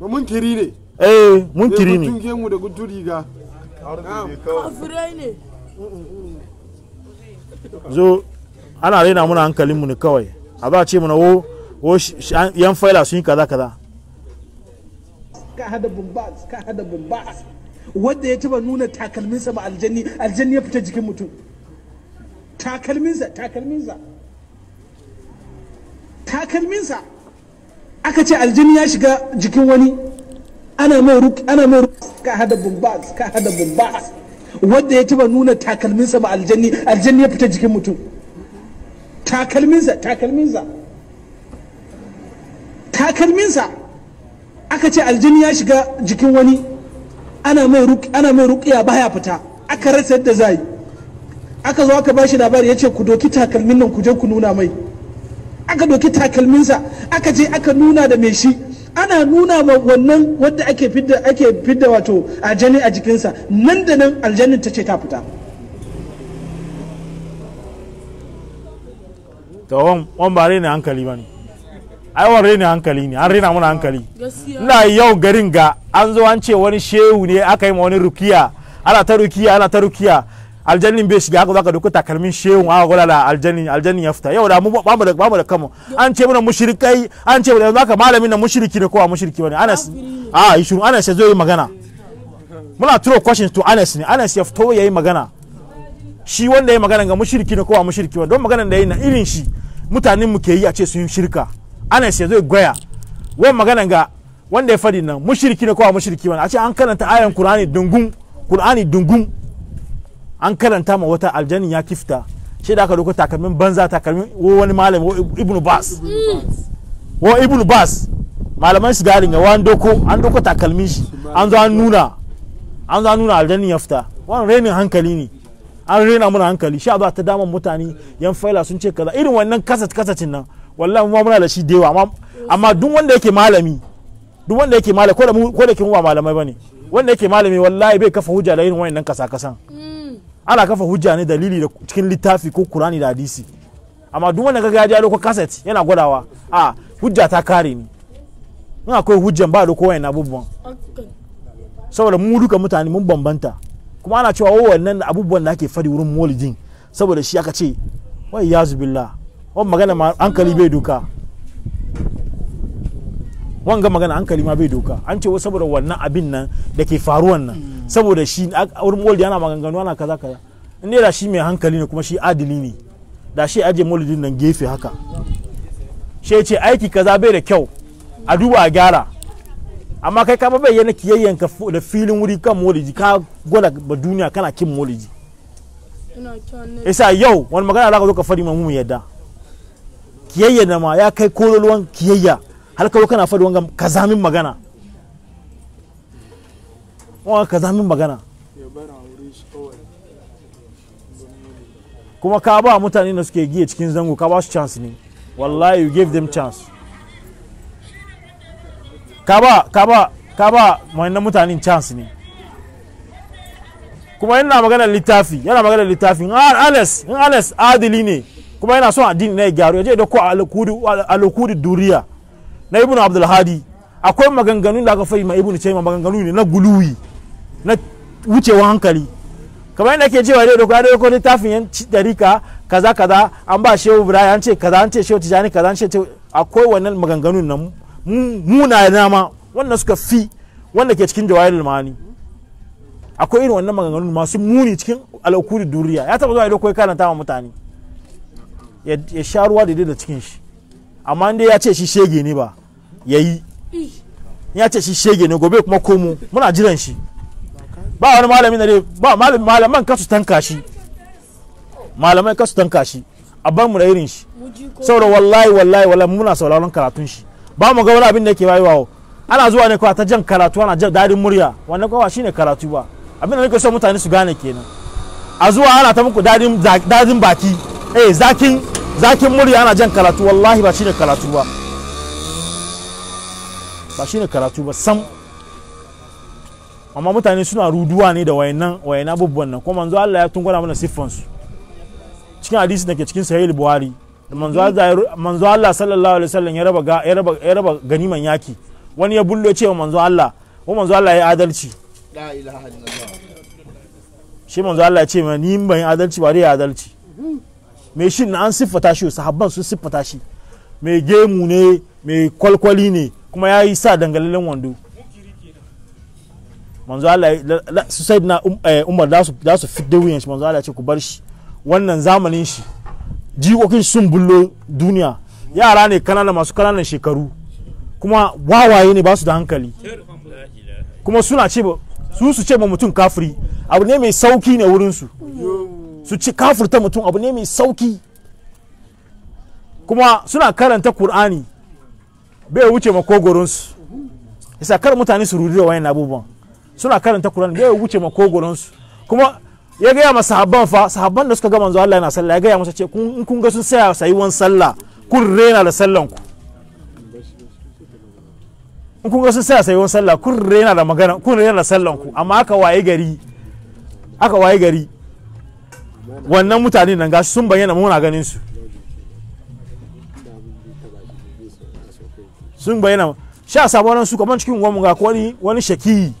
mun kiri ne eh munkiri ne tun mu da gudu riga kafirai ne zo ana raina muna hankalinmu ne kawai a za a ce mana wo yan faila sun yi kaza kaza ka hada bumbas ka hada bumbas wanda ya taba nuna takalminsa ba aljanni aljanni ya fita jikin mutum takalminsa takalminsa takalminsa aka ce aljini ya shiga jikin wani ana mai ruk ana mai ruk ka hada bumbas ka hada bumbas wanda ya taba nuna takalminsa ba aljanni aljini ya fita jikin mutum takalminsa takalminsa takalminsa aka ce aljini ya shiga jikin wani ana mai ruk ana mai rukiya baya fita aka rasa yadda zai aka zo aka bashi labari yace ku doki takalmin nan ku je ku nuna mai aka doki takalminsa aka je aka nuna da mai shi ana nuna ma wannan wadda ake fidda ake fidda wato aljani a jikinsa nan da nan aljanin ta ce ta fita to wan ba ne hankali bane ai wan rena hankali ne an rena mana hankali ina yau garin ga an zo an ce wani shehu ne aka yi ma wani rukiya ana ta rukiya ana ta rukiya aljanni bai shiga haka zaka dauki takalmin shehun a gwada da aljanni aljanni ya fita yau da mu ba mu da ba mu da kanmu an ce mana mushrikai an ce yanzu haka malamin na mushriki ne ko a mushriki bane Anas a ishu ah, Anas ya zo yi magana muna turo questions to Anas ne Anas ya fito yayi magana shi wanda ya magana ga mushriki ne ko a mushriki bane don magana da yayi na irin shi mutanen mu ke yi a ce su yi shirka Anas ya zo goya wai magana ga wanda ya fadi nan mushriki ne ko a mushriki bane a ce an karanta ayan Qur'ani dungun Qur'ani dungun an karanta ma wata aljanin ya kifta shi da aka doko takalmin banza takalmin wani malam wa ibnu bas wa ibnu bas malaman shi garin ga wani doko an doko takalmin shi an zo an nuna an zo an nuna aljanin ya fita wani renin hankali ne an rena muna hankali sha ba ta daman mutane yan faila sun ce kaza irin wannan kasat kasacin nan wallahi mu muna da shi dewa amma amma duk wanda yake malami duk wanda yake malami ko da ko da kin ba malamai bane wanda yake malami wallahi bai kafa hujja da irin wannan kasa kasan mm. ana kafa hujja ne dalili da cikin littafi ko kurani da hadisi amma duk wanda kaga ya je ko kaset yana gwadawa a hujja ta kare ni in akwai hujjan ba da kowa na abubuwan saboda mu duka mutane mun bambanta kuma ana cewa oh, wannan abubuwan da ake fadi wurin molidin saboda shi aka ce wai yazu billah wani magana hankali bai duka wanga magana hankali ma bai doka an ce saboda wannan abin nan da ke faruwan nan saboda shi wurin moldi ana maganganu ana kaza kaza in da shi mai hankali ne kuma shi adili ne da shi aje molidin nan gefe haka shi ce aiki kaza bai da kyau a duba a gyara amma kai ka bai yana ka da filin wuri kan moliji ka gwada ba duniya kana kin moliji isa yau wani magana za ka zo ka fari mu yadda kiyayya na ma ya kai kololuwan kiyayya har ka kana faɗi wanga kazamin magana wanga kazamin magana kuma ka ba mutane da suke giya cikin zango ka ba su chance ne wallahi you give them chance ka ba ka ba ka ba wannan chance ne kuma yana magana littafi yana magana littafi in alas in alas adili ne kuma yana son addini ne ya gyaru ya je da ko alokudi duriya na ibnu Abdulhadi, akwai maganganun da aka fahimta ibnu taymiya maganganu ne na guluwi na wucewa hankali kamar yadda ke cewa dai doka dai ko littafin yan darika kaza kaza an ba shehu ibrahim an ce kaza an ce shehu tijani kaza an ce akwai wannan maganganun nan muna ma wannan suka fi wanda ke cikin jawahirul ma'ani akwai irin wannan maganganun masu muni cikin alaukuri duriya ya taba zuwa ido kai kana ta mutane ya sha ruwa da da cikin shi amma dai ya ce shi shege ne ba ya yi ya ce shi shege ne gobe kuma komo muna jiran shi ba wani malami na dai ba malami malaman kasu tanka shi malamai kasu tanka shi a ban mu da irin shi saboda wallahi wallahi wallahi muna sauraron karatun shi ba mu ga wani abin da yake wayewa ana zuwa ne kawai ta jan karatu ana jan dadin murya wannan kawai shine karatu ba abin da nake so mutane su gane kenan a zuwa ana ta muku dadin baki eh zakin zakin murya ana jan karatu wallahi ba shine karatu ba ba shine karatu ba sam amma mutane suna ruduwa ne da wayannan wayannan abubuwan nan kuma manzo Allah ya tungura mana siffan su cikin hadisi da ke cikin sahih buhari manzo Allah manzo Allah sallallahu alaihi wasallam ya raba ya raba ya raba ganiman yaki wani ya bullo cewa manzo Allah ko manzo Allah ya adalci la ilaha illallah shi manzo Allah ya ce ni ban adalci ba dai adalci hmm. mai shi na an siffata shi sahabban sun siffata shi mai gemu ne mai kwalkwali ne kuma ya yi sa dangalilin wando manzo Allah su sai na um, eh, umar da su fi da wuyan shi manzo Allah ce ku bar shi wannan zamanin shi jikokin sun bullo duniya yara ne kanana masu kananan shekaru kuma wawaye ne ba su da hankali kuma suna ce su su ce ba mutum kafiri abu ne mai sauki ne su. su ci kafurta mutum abu ne mai sauki kuma suna karanta kur'ani bai wuce makogoronsu isa kar mutane su rudu da wayan abubuwan suna karanta kur'ani bai wuce makogoronsu kuma ya gaya ma sahabban fa sahabban da suka ga manzo Allah yana sallah ya gaya masa ce kun kun ga sun saya wan sallah kun rena da sallan ku in kun ga sun saya wan sallah kun rena da magana kun rena da sallan ku amma aka waye gari aka waye gari wannan mutane nan ga sun bayyana muna ganin su sun bayyana sha sabon su kamar cikin gwamun ga wani wani shaki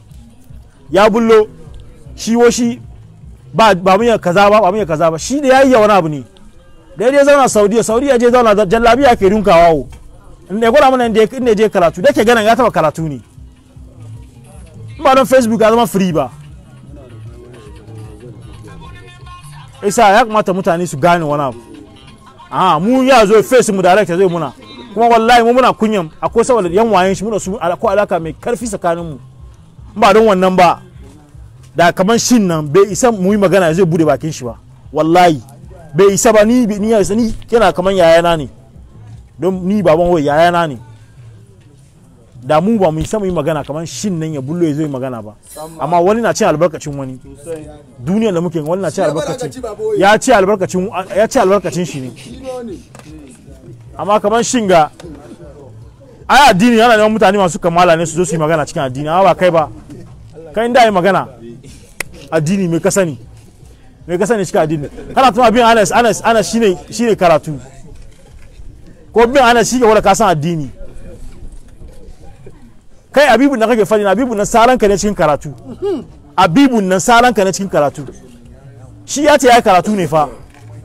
ya bullo shi wo shi ba mu kaza ba ba mu kaza ba shi da yayi wani abu ne da ya zauna saudiya saudiya je zauna jallabiya ke rinkawa wo in da gwada mana inda je karatu da ke ganin ya taba karatu ne ba don facebook ya zama free ba isa ya kamata mutane su gane wani abu a mu ya zo face mu direct zai muna kuma wallahi mu muna kunyan akwai saboda yan wayen shi muna su ko alaka mai karfi tsakanin mu ba don wannan ba da kaman shin nan bai isa mu yi magana zai bude bakin shi ba wallahi bai isa ba ni ni yana kaman yayana ne don ni baban wai yayana ne da mu ba mu yi mu yi magana kamar shin nan ya bullo ya zo yi magana ba amma wani na cin albarkacin wani duniya da muke wani na cin albarkacin ya ci albarkacin ya ci albarkacin shi ne amma kamar shin ga ai addini yana neman mutane masu kamala ne su zo su yi magana cikin addini amma ba kai ba kai inda yi magana addini mai kasa ne mai kasani cikin addini Karatu ma bin anas anas anas shine shine karatu ko bin anas shi ga wanda ka san addini kai abibun nan kake fadi na abibun nan saran ka ne cikin karatu abibun nan saran ka ne cikin karatu shi ya ce ya karatu ne fa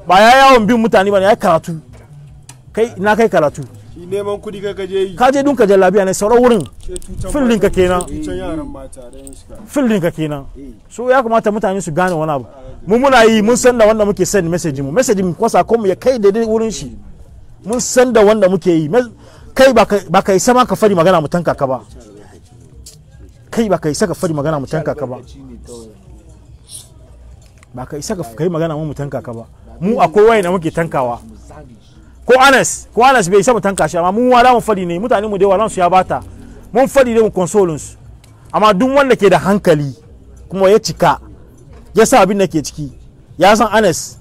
ba ya yawon bin mutane ba ne ya karatu kai na kai karatu shi neman kudi ka kaje yi ka je dun ka jallabiya ne sauran wurin fildin ka kenan fildin ka kenan so ya kamata mutane su gane wani abu mu muna yi mun san da wanda muke send message mu message mu kwasa ko mu ya kai daidai wurin shi mun san da wanda muke yi kai ba ka isa ka fari magana mu tanka ka ba kai ba ka isa ka fari magana mutan kaka ba ba ka isa ka yi magana mu mutan kaka ba mu akwai waye na muke tankawa ko anas ko anas bai isa mu tanka shi amma mu wala mu fadi ne mutane mu da yawa su ya bata mun fadi ne mu consolin su amma duk wanda ke da hankali kuma ya cika ya sa abin da ke ciki ya san anas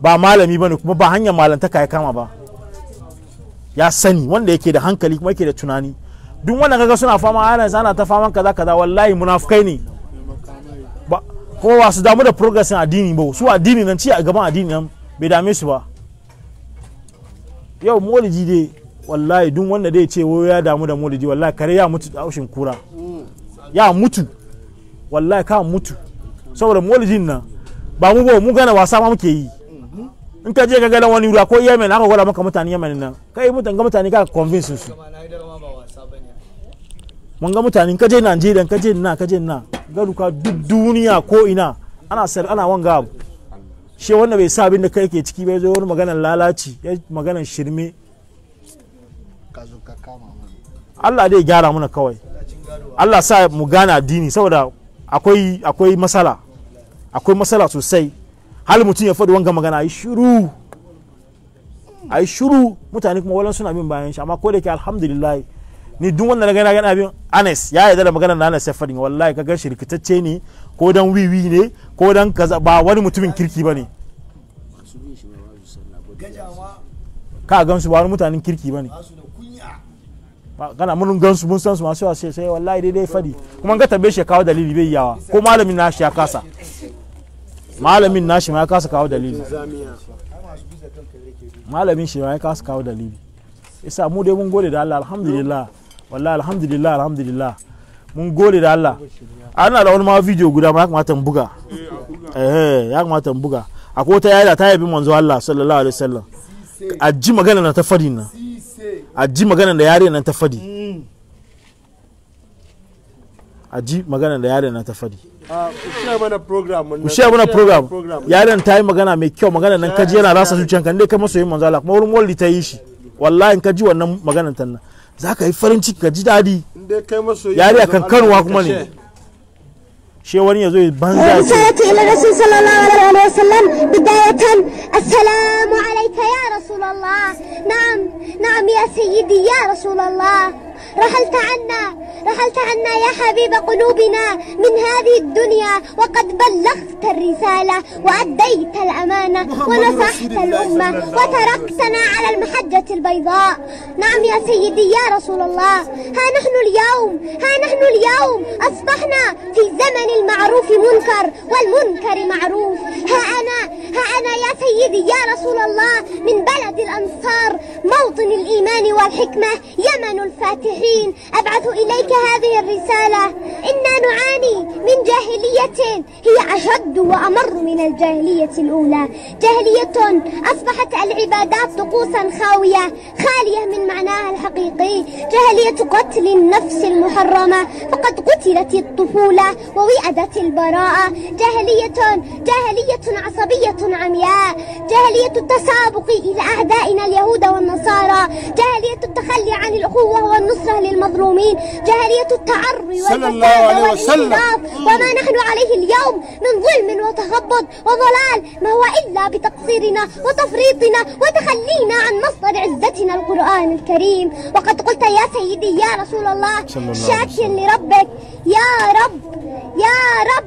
ba malami bane kuma ba hanyar malantaka ya kama ba ya sani wanda yake da hankali kuma yake da tunani duk wanda kaga suna fama ah, ana ana ta faman kaza kaza wallahi munafukai ne ba kuma ba su damu da progressin addini ba su addini nan ci a gaban addini nan bai dame su ba yau moliji dai wallahi duk wanda dai ce wai ya damu da moliji wallahi kare ya mutu da ushin kura ya mutu wallahi ka mutu saboda molijin nan ba mu ba mu gana wasa ma muke yi in ka je ka ga wani ruwa ko yemen aka gwada maka mutane yemen nan kai mutan ga mutane ka convince su mun ga mutane kaje Najeriya kaje na kaje na garuka duk duniya ko ina ana sar ana wanga abu shi wanda bai sa abinda kai ke ciki bai zo wani maganar lalaci ya maganar shirme Allah dai gyara muna kawai Allah sa mu gane addini saboda akwai akwai masala akwai masala sosai hal mutum ya faɗi wanga magana yi shiru a yi shiru mutane kuma walan suna bin bayan shi amma ko da ke alhamdulillah ni duk wanda na gani gani abin anes ya yi da magana na anes ya wallahi ka gashi rikitacce ne ko dan wiwi ne ko dan kaza ba wani mutumin kirki ba ne ka gan su ba wani mutanen kirki ba ne kana murin gan su mun san su masu wasu sai wallahi daidai fadi kuma ka tabe shi kawo dalili bai yawa ko malamin nashi ya kasa malamin nashi ma ya kasa kawo dalili malamin shi ma ya kasa kawo dalili isa mu dai mun gode da Allah alhamdulillah wallahi alhamdulillah alhamdulillah mun gode da Allah ana ah, da wani ma video guda ma ya kamata buga eh ya kamata in buga akwai wata yaya ta yabi manzo Allah sallallahu alaihi wasallam a ji magana na ta fadi na a ji magana da yare nan ta fadi a ji magana da yare nan ta fadi ah, ku share mana program yaren ta yi magana mai kyau magana nan kaji yana rasa zuciyanka ne kai masoyin manzo Allah kuma wurin walli ta yi shi wallahi in ka ji wannan maganar ta nan za ka yi farin ciki ka ji daɗi yari a kankanuwa kuma ne she wani ya zo ya banza ya ce ila rasul sallallahu alaihi wa sallam bidayatan assalamu alayka ya rasulullah na'am na'am ya sayyidi ya rasulullah رحلت عنا رحلت عنا يا حبيب قلوبنا من هذه الدنيا وقد بلغت الرسالة وأديت الأمانة ونصحت الأمة وتركتنا على المحجة البيضاء نعم يا سيدي يا رسول الله ها نحن اليوم ها نحن اليوم أصبحنا في زمن المعروف منكر والمنكر معروف ها أنا ها أنا يا سيدي يا رسول الله من بلد الأنصار موطن الإيمان والحكمة يمن الفاتحة الصالحين أبعث إليك هذه الرسالة إنا نعاني من جاهلية هي أشد وأمر من الجاهلية الأولى جاهلية أصبحت العبادات طقوسا خاوية خالية من معناها الحقيقي جاهلية قتل النفس المحرمة فقد قتلت الطفولة ووئدت البراءة جاهلية جاهلية عصبية عمياء جاهلية التسابق إلى أعدائنا اليهود والنصارى جاهلية التخلي عن الأخوة والنصر النصرة للمظلومين جاهلية التعري عليه وسلم وما نحن عليه اليوم من ظلم وتخبط وضلال ما هو إلا بتقصيرنا وتفريطنا وتخلينا عن مصدر عزتنا القرآن الكريم وقد قلت يا سيدي يا رسول الله شاكيا لربك يا رب يا رب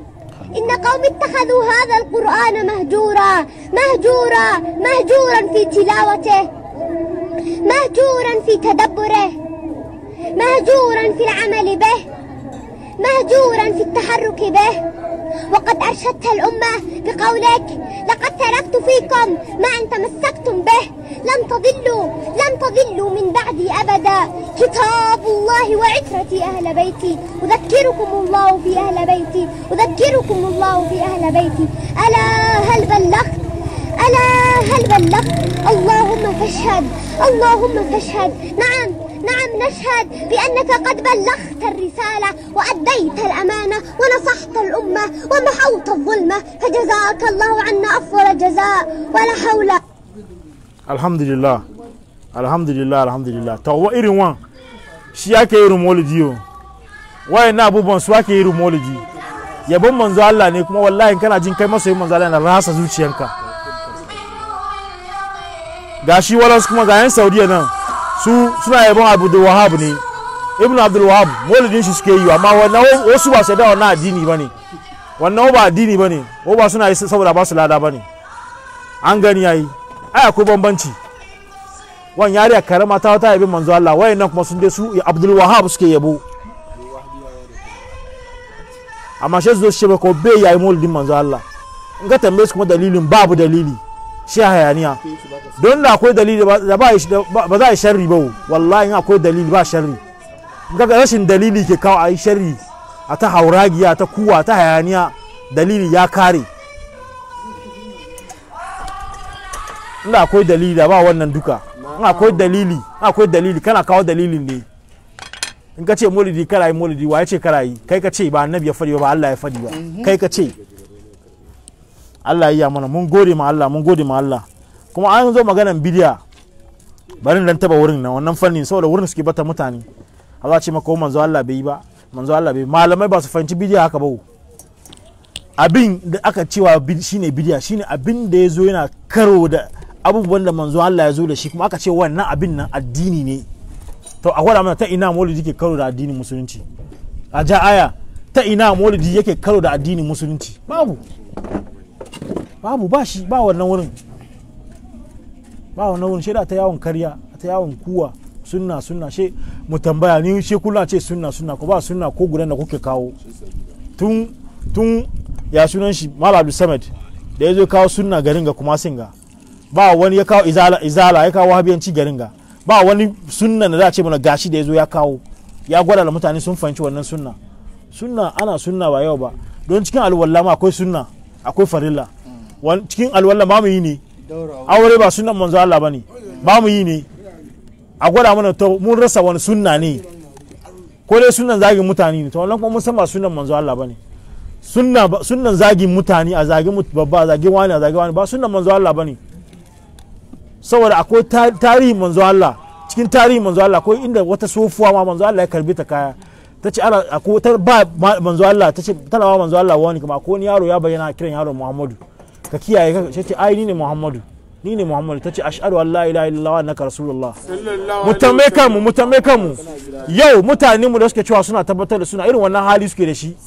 إن قوم اتخذوا هذا القرآن مهجورا مهجورا مهجورا في تلاوته مهجورا في تدبره مهجورا في العمل به مهجورا في التحرك به وقد أرشدت الأمة بقولك لقد تركت فيكم ما أن تمسكتم به لن تضلوا لن تضلوا من بعدي أبدا كتاب الله وعترتي أهل بيتي أذكركم الله في أهل بيتي أذكركم الله في أهل بيتي ألا هل بلغت ألا هل بلغت اللهم فاشهد اللهم فاشهد نعم نعم نشهد بأنك قد بلغت الرسالة وأديت الأمانة ونصحت الأمة ومحوت الظلمة فجزاك الله عنا أفضل جزاء ولا حول الحمد لله الحمد لله الحمد لله توا إيرو وان شياك إيرو مولديو واي نابو بون سواك إيرو مولدي يا بون منزو الله نيكما والله إن كان أجين كما سيو منزو الله نراسة زوتي ينكا gashi walansu kuma ga yan saudiya nan su suna yabon da wahab ne ibn abdul wahab maulidin shi suke yi amma wannan wasu ba shaida wannan addini ba ne wannan ba addini ba ne ko ba suna yi saboda ba su lada ba ne an gani yayi ai akwai bambanci wan yari a karama ta wata yabi manzo Allah wayan nan kuma sun dai su abdul wahab suke yabo amma shi zo shi ko bai yayi maulidin manzo Allah in ka tambaye su kuma dalilin babu dalili shi hayaniya don da akwai dalili ba za a yi sharri ba wallahi akwai dalili ba sharri kaga rashin dalili ke kawo a yi sharri a ta hauragiya ta kuwa ta hayaniya dalili ya kare inda akwai dalili da ba wannan duka inda akwai dalili akwai dalili kana kawo dalilin ne in ka ce molidi kara yi molidi wa ya ce kara yi kai ka ce ba annabi ya fadi ba Allah ya fadi ba kai ka ce Allah ya mana mun gode ma Allah mun gode ma Allah kuma an zo maganan bidiya bari dan taba wurin na wannan fanni saboda wurin suke bata mutane Allah ce maka manzo Allah bai yi ba manzo Allah bai malamai ba su fahimci bidiya haka ba abin da aka cewa shine bidiya shine abin da ya zo yana karo da abubuwan da manzo Allah ya zo da shi kuma aka ce wannan abin nan addini ne to a gwada mana ta ina maulidi ke karo da addinin musulunci a ja aya ta ina maulidi yake karo da addinin musulunci babu babu ba shi ba wannan wurin ba wannan wurin shaida ta yawon karya ta yawon kuwa sunna sunna she mu tambaya ni she kula ce sunna sunna ko ba sunna ko gudan da kuke kawo tun tun ya sunan shi mala abdul samad da ya kawo sunna garin ga kuma singa ba wani ya kawo izala izala ya kawo wahabiyanci garin ga ba wani sunna da za a ce mana gashi da ya ya kawo ya gwada da mutane sun fahimci wannan sunna sunna ana sunna ba yau ba don cikin alwallama akwai sunna akwai farilla mm. cikin alwala ba mu yi ne aure ba sunan manzo Allah bane ba mu yi ne a gwada mana to mun rasa wani sunna ne ko dai sunan zagin mutane ne to wannan kuma mun san ba sunan manzo Allah bane sunna sunan zagin mutane a zagin babba a zagin wani a zagin wani ba sunan manzo Allah bane saboda akwai tarihi manzo Allah cikin tarihi manzo Allah akwai inda wata sofuwa ma manzo Allah ya karbi ta kaya ta ce ana ko ta ba manzo Allah ta ce tana ba manzo Allah wani kuma ko ni yaro ya bayyana kiran yaro Muhammadu ka kiyaye ka ce ai ni ne Muhammadu ni ne Muhammadu ta ce ashhadu an la ilaha illallah annaka rasulullah mu tambaye kanmu mu tambaye kanmu yau mutanen mu da suke cewa suna tabbatar da suna irin wannan hali suke da shi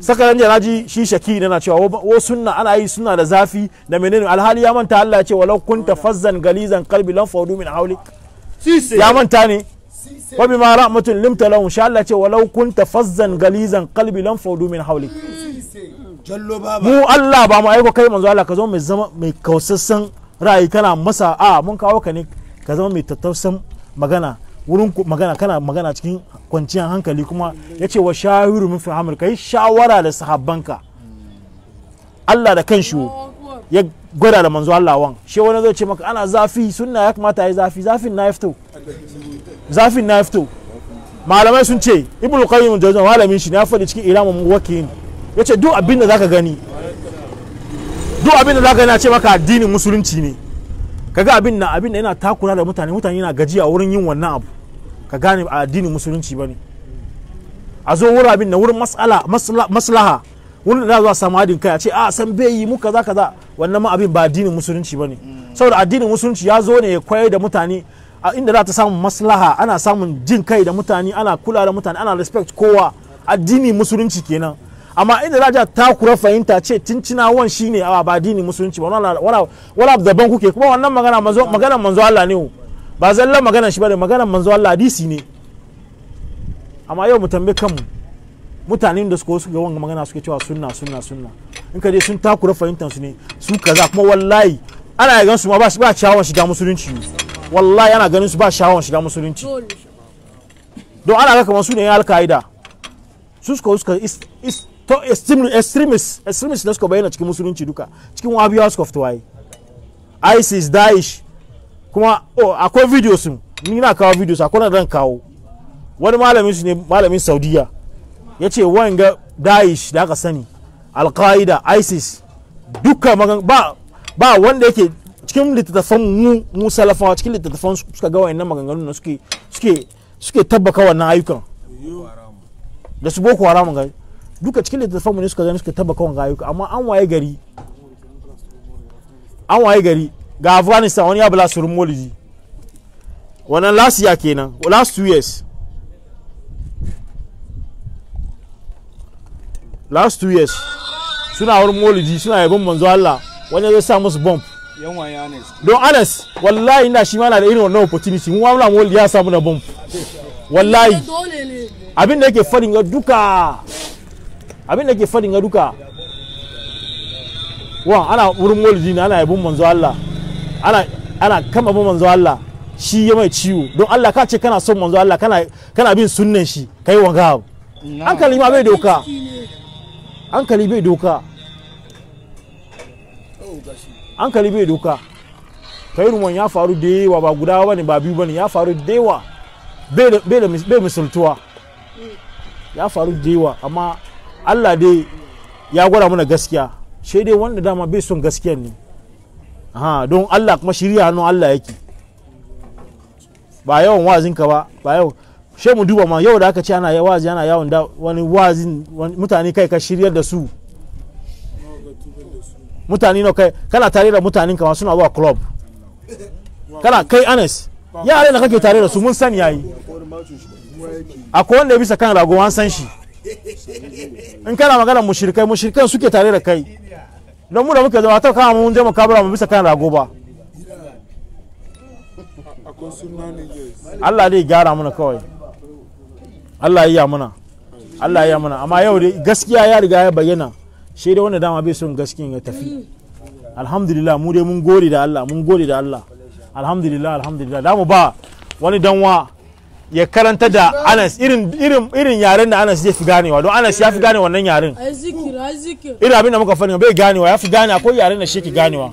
sakaran jana ji shi shaki na cewa wo sunna ana yi suna da zafi da menene alhali ya manta Allah ya ce walau kunta fazzan galizan qalbi lan fawdu min hawlik ya manta ne wa bima rahmatin limta lahum sha Allah ce walau kunta fazzan galizan qalbi lam fawdu min hawlik mu Allah ba mu aiko kai manzo Allah ka zama mai zama mai kausassan ra'ayi kana masa a mun kawo ka ne ka zama mai tattausan magana wurin magana kana magana cikin kwanciyar hankali kuma yace wa shahiru min fahimar kai shawara da sahabbanka Allah da kanshi ya gwada da manzo Allah wan shi wani zai ce maka ana zafi sunna ya kamata yi zafi zafin na ya zafin na fito malamai sun ce ibnu qayyim jawzan malamin shi na faɗi cikin ilamun wakin yace duk abin da zaka gani duk abin da zaka gani a ce maka addinin musulunci ne kaga abin na abin da yana takura da mutane mutane yana gajiya wurin yin wannan abu ka gane a addinin musulunci bane a zo wurin abin na wurin masala maslaha wurin da za a samu hadin kai a ce a ah, san bai yi muka za kaza wannan ma abin ba addinin musulunci bane saboda addinin musulunci ya zo ne ya koyar da mutane a inda za ta samun maslaha ana samun jin kai da mutane ana kula da mutane ana respect kowa addini musulunci kenan amma inda za ta takura fahimta ce shi ne a ba addini musulunci ba wala daban kuke kuma wannan magana magana manzo Allah ne ba zalla magana shi bane magana manzo Allah hadisi ne amma yau mu tambaye kanmu mutanen da suka ga wannan magana suke cewa sunna sunna sunna in ka je sun takura fahimtar su ne su kaza kuma wallahi ana yagan su ma ba shi, ba ciyawan shiga musulunci wallahi yana ganin su ba shawon shiga musulunci don ana ga kamar su ne al-qaida su suka suka extremist extremist da suka bayyana cikin musulunci duka cikin wahabiyawa suka fito waye isis daesh kuma oh, akwai video su ni na kawo videos akwai na kawo wani malamin su ne malamin saudiya ya ce wanga daesh da aka sani al-qaida isis duka ba wanda yake cikin littattafan mu mu salafawa cikin littattafan suka ga wayannan maganganun na suke suke suke tabbaka wannan ayyukan da su boko haram ga duka cikin littattafan mu ne suka ga suke tabbaka wannan ayyuka amma an waye gari an waye gari ga afghanistan wani ya bula surun molidi wannan last year kenan last two years last two years suna wurin molidi suna yabon manzo Allah wani zai sa musu bomb yan waya don anas wallahi ina shi ma na da irin wannan opportunity mu wala mu ya samu na bomb wallahi abin da yake fadin ga duka abin da yake fadin ga duka wa ana wurin maulidi na ana yabon manzo Allah ana ana kama manzo Allah shi ya mai ciwo don Allah ka ce kana son manzo Allah kana kana bin sunnan shi kai wanga hankali ma bai doka hankali bai doka oh gashi hankali bai doka kairuwan ya faru da yawa ba guda ba ne ba biyu ba ne ya faru da yawa bai misaltuwa ya faru da yawa amma allah dai ya gwada mana gaskiya shai dai wanda dama bai son gaskiya ne ha don allah kuma shirya hannun allah yake ba yawan ka ba ba yau she mu duba ma yau da aka ce ana wazi ana da wani wazin mutane kai ka shiryar da su mutane na kai kana tare da mutanen kama suna zuwa club kana kai anes yare da kake tare da su mun sani yayi akwai wanda ya bisa kan rago an san shi in kana magana mushrikai mushrikan suke tare da kai don mu da muke zama ta kama mun je kabura mu bisa kan rago ba Allah dai gyara mana kawai Allah ya muna Allah ya muna amma yau dai gaskiya ya riga ya bayyana shi da wanda dama bai son gaskiyan ya tafi alhamdulillah mu dai mun gode da Allah mun gode da Allah alhamdulillah alhamdulillah damu ba wani danwa ya karanta da Anas irin irin irin yaren da Anas zai fi ganewa don Anas ya fi gane wannan yaren irin abin da muka fani bai ganewa ya fi gane akwai yaren da shi ke ganewa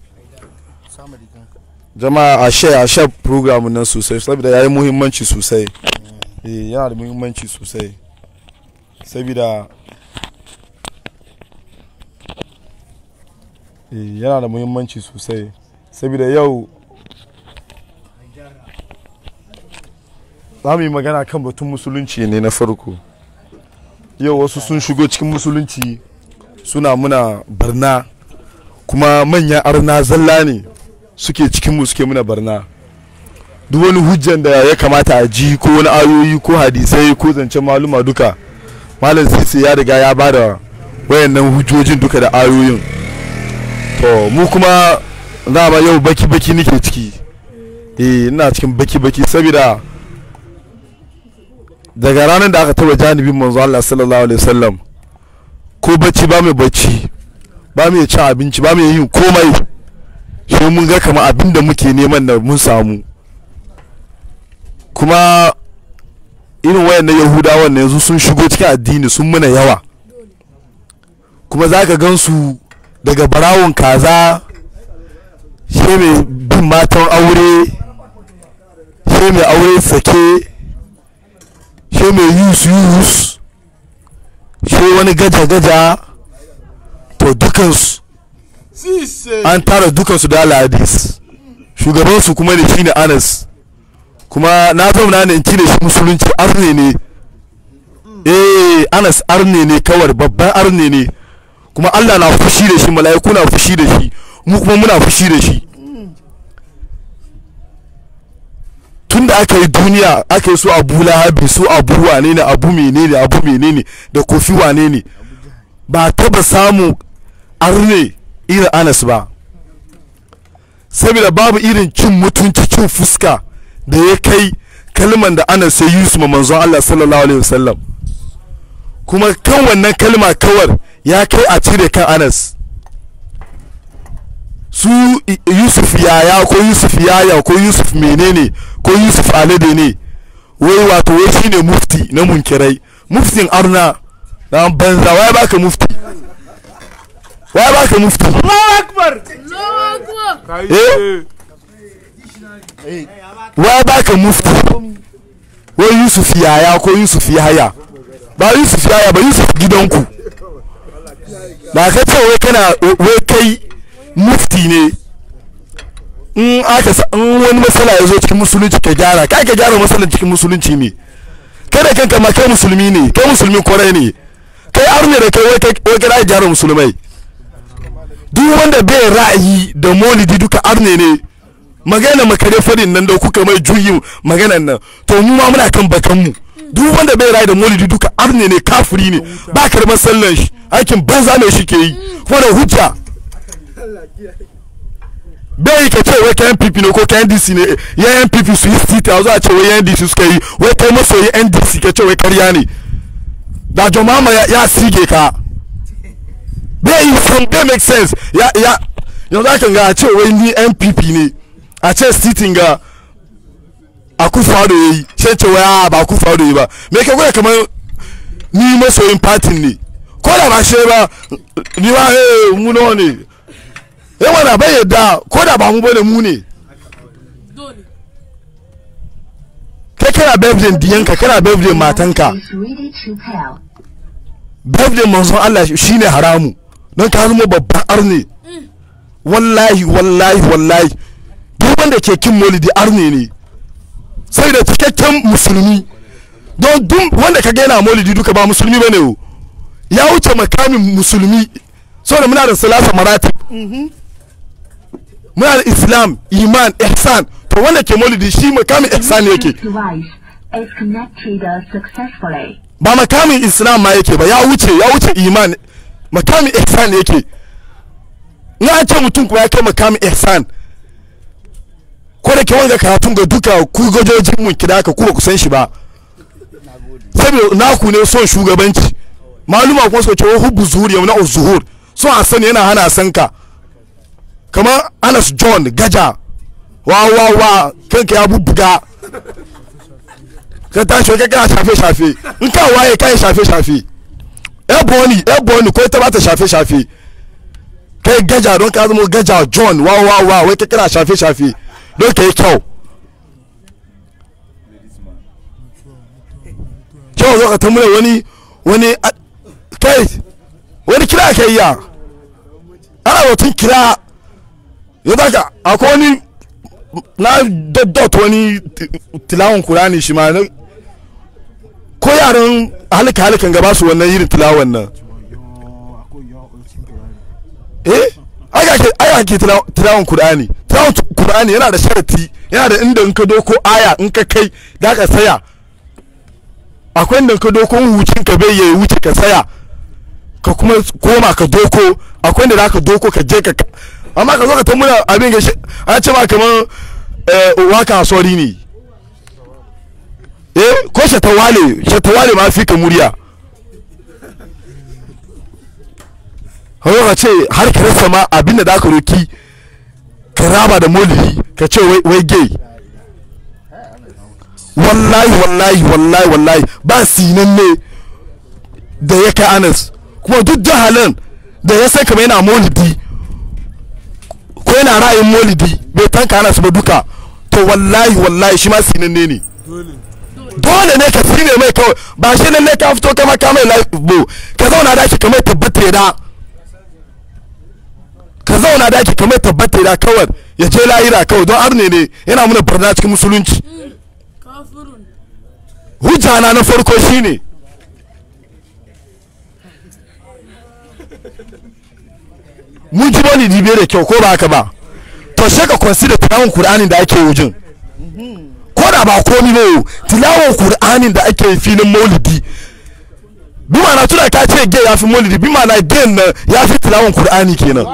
jama'a a share a share program nan sosai saboda yayi muhimmanci sosai eh yana da muhimmanci sosai saboda eh yana da muhimmanci sosai saboda yau za mu yi magana kan batun musulunci ne na farko yau wasu sun shigo cikin musulunci suna muna barna kuma manyan arna zalla ne suke cikin mu suke muna barna duk wani hujjan da ya kamata a ji ko wani ayoyi ko hadisai ko zancen maluma duka malam sisi ya riga ya ba da wayannan hujjojin duka da ayoyin to mu kuma za ba yau baki baki nake ciki eh ina cikin baki baki saboda daga ranar da aka taba janibin manzo Allah sallallahu alaihi wasallam ko bacci ba mai bacci ba mai cin abinci ba mai yin komai sai mun ga kamar abin da muke neman da mun samu kuma irin wayan na yahudawan yanzu sun shigo cikin addini sun muna yawa kuma za ka gansu daga barawon kaza shi mai bin matan aure shi mai aure sake shi mai yus yus shi wani gaja gaja to dukansu an tara dukansu da al'adis shugabansu kuma ne shine anas kuma na zauna ne in cire shi musulunci arne ne eh anas arne ne kawar babban arne ne kuma allah na fushi da shi mala'iku na fushi da shi mu kuma muna fushi da shi tun da aka yi duniya aka yi su abu lahabi su abu wane ne abu ne abu ne da kofi wane ne ba taba samu arne irin anas ba saboda babu irin cin mutunci cin fuska da ya kai kalman da anas ya yi ma manzon Allah sallallahu alaihi wasallam kuma kan wannan kalma kawar ya kai a cire kan anas su yusuf yaya ko yusuf yaya ko yusuf menene ko yusuf alade ne wai wato wai shine mufti na munkirai muftin arna dan banza wai baka mufti wa ba ka mufti Allahu akbar eh, eh. wa ba ka mufti wai Yusuf yaya ko Yusuf yaya ba Yusuf yaya ba Yusuf gidanku ba ka ce wai kana wai kai mufti ne in aka in wani masala ya zo cikin musulunci ka gyara kai ka gyara matsalar cikin musulunci ne kada kanka ma kai musulmi ne kai musulmi kwarai ne kai arne da kai wai kai gyara musulmai duk wanda bai ra'ayi da molidi duka arne ne magana makare farin nan da kuka mai juyin magana nan to mu ma muna kan bakan mu duk wanda bai ra'ayi da molidi duka arne ne kafiri ne ba karban sallan shi aikin banza ne shi ke yi kuma da hujja bai ka ce wai kayan pipi ne ko kayan NDC ne yayan pipi su yi sita zuwa ce wai yayan dc suka yi wai ko masoyi ndc ka ce wai karya ne da jama'a ya sige ka bai yi sun bai make sense ya ya yanzu aka ga a ce wai ni npp ne a ce sitin ga a kufa da yayi sai ce wai ba kufa da yayi ba me ke gwada kamar ni in fatin ne ko da ba shi ba ni ba eh mu nawa ne eh wala ye da ko da ba mu bane mu ne kai kana birthday diyanka matan ka matanka birthday manzon Allah shine haramu don ka zama babban arne wallahi wallahi wallahi duk wanda ke kin molidi arne ne sai da cikakken musulmi don duk wanda ka ga yana molidi duka ba musulmi bane o ya wuce makamin musulmi saboda muna da salasa maratib mhm. muna da islam iman ihsan to wanda ke molidi shi makamin ihsan yake ba makamin islam ma yake ba ya wuce ya wuce iman makami ihsan ne yake na ce mutum kuma ya kai makami ihsan ko da ke wanga karatun ga duka ku gajojin mu kida ka ku ku san shi ba saboda naku ne son shugabanci maluma kuma suka ce wa hubbu zuhur yau na zuhur so a sani yana hana san ka kamar Anas John gaja wa wa wa kanka ya bubbuga ka tashi ka kana shafe shafe in ka waye kai shafe shafe ebony ebony ko ita ba ta shafe shafe kai gaja don ka gaja john wa wa wa wai ka kira shafe shafe don ka yi kyau ka tambaya wani wani kai wani kira ka yi ala ana batun kira yau za ka akwai wani na ni wani tilawon kurani shi ma ko yaran halika halikan gaba su wannan irin tilawan nan eh aya ke tilawan kur'ani tilawan kur'ani yana da sharati yana da inda in ka doko aya in ka kai da ka saya akwai inda ka doko wucin ka bai yayi wuce ka saya ka kuma koma ka doko akwai inda zaka doko ka je ka amma ka zo ka tambuna abin shi a ce ba kamar eh, waka sori ne eh ko shatawale shatawale ma fi ka murya hau ka ce har ka rasa ma abin da ka roki ka raba da molihi ka ce wai gay wallahi wallahi wallahi wallahi ba sinan ne da ya kai anas kuma duk jahalan da ya sai kama yana molidi ko yana ra'ayin molidi bai tanka anas ba duka to wallahi wallahi shi ma sinan ne ne dole ne ka sirme mai kawai ba shi ne ne ka fito kama kama na bo ka zauna daki kamar tabbatar da ka zauna daki kamar tabbatar da kawai ya je lahira kawai don arne ne yana muna barna cikin musulunci hujja na na farko shine mun ji bani dibe da kyau ko ba haka ba to sai ka consider tawon qur'anin da ake wujin ko da ba komi ne tilawar qur'anin da ake filin maulidi bi ma'ana tuna ka ce gay ya fi maulidi bi ma'ana gay nan ya fi tilawar qur'ani kenan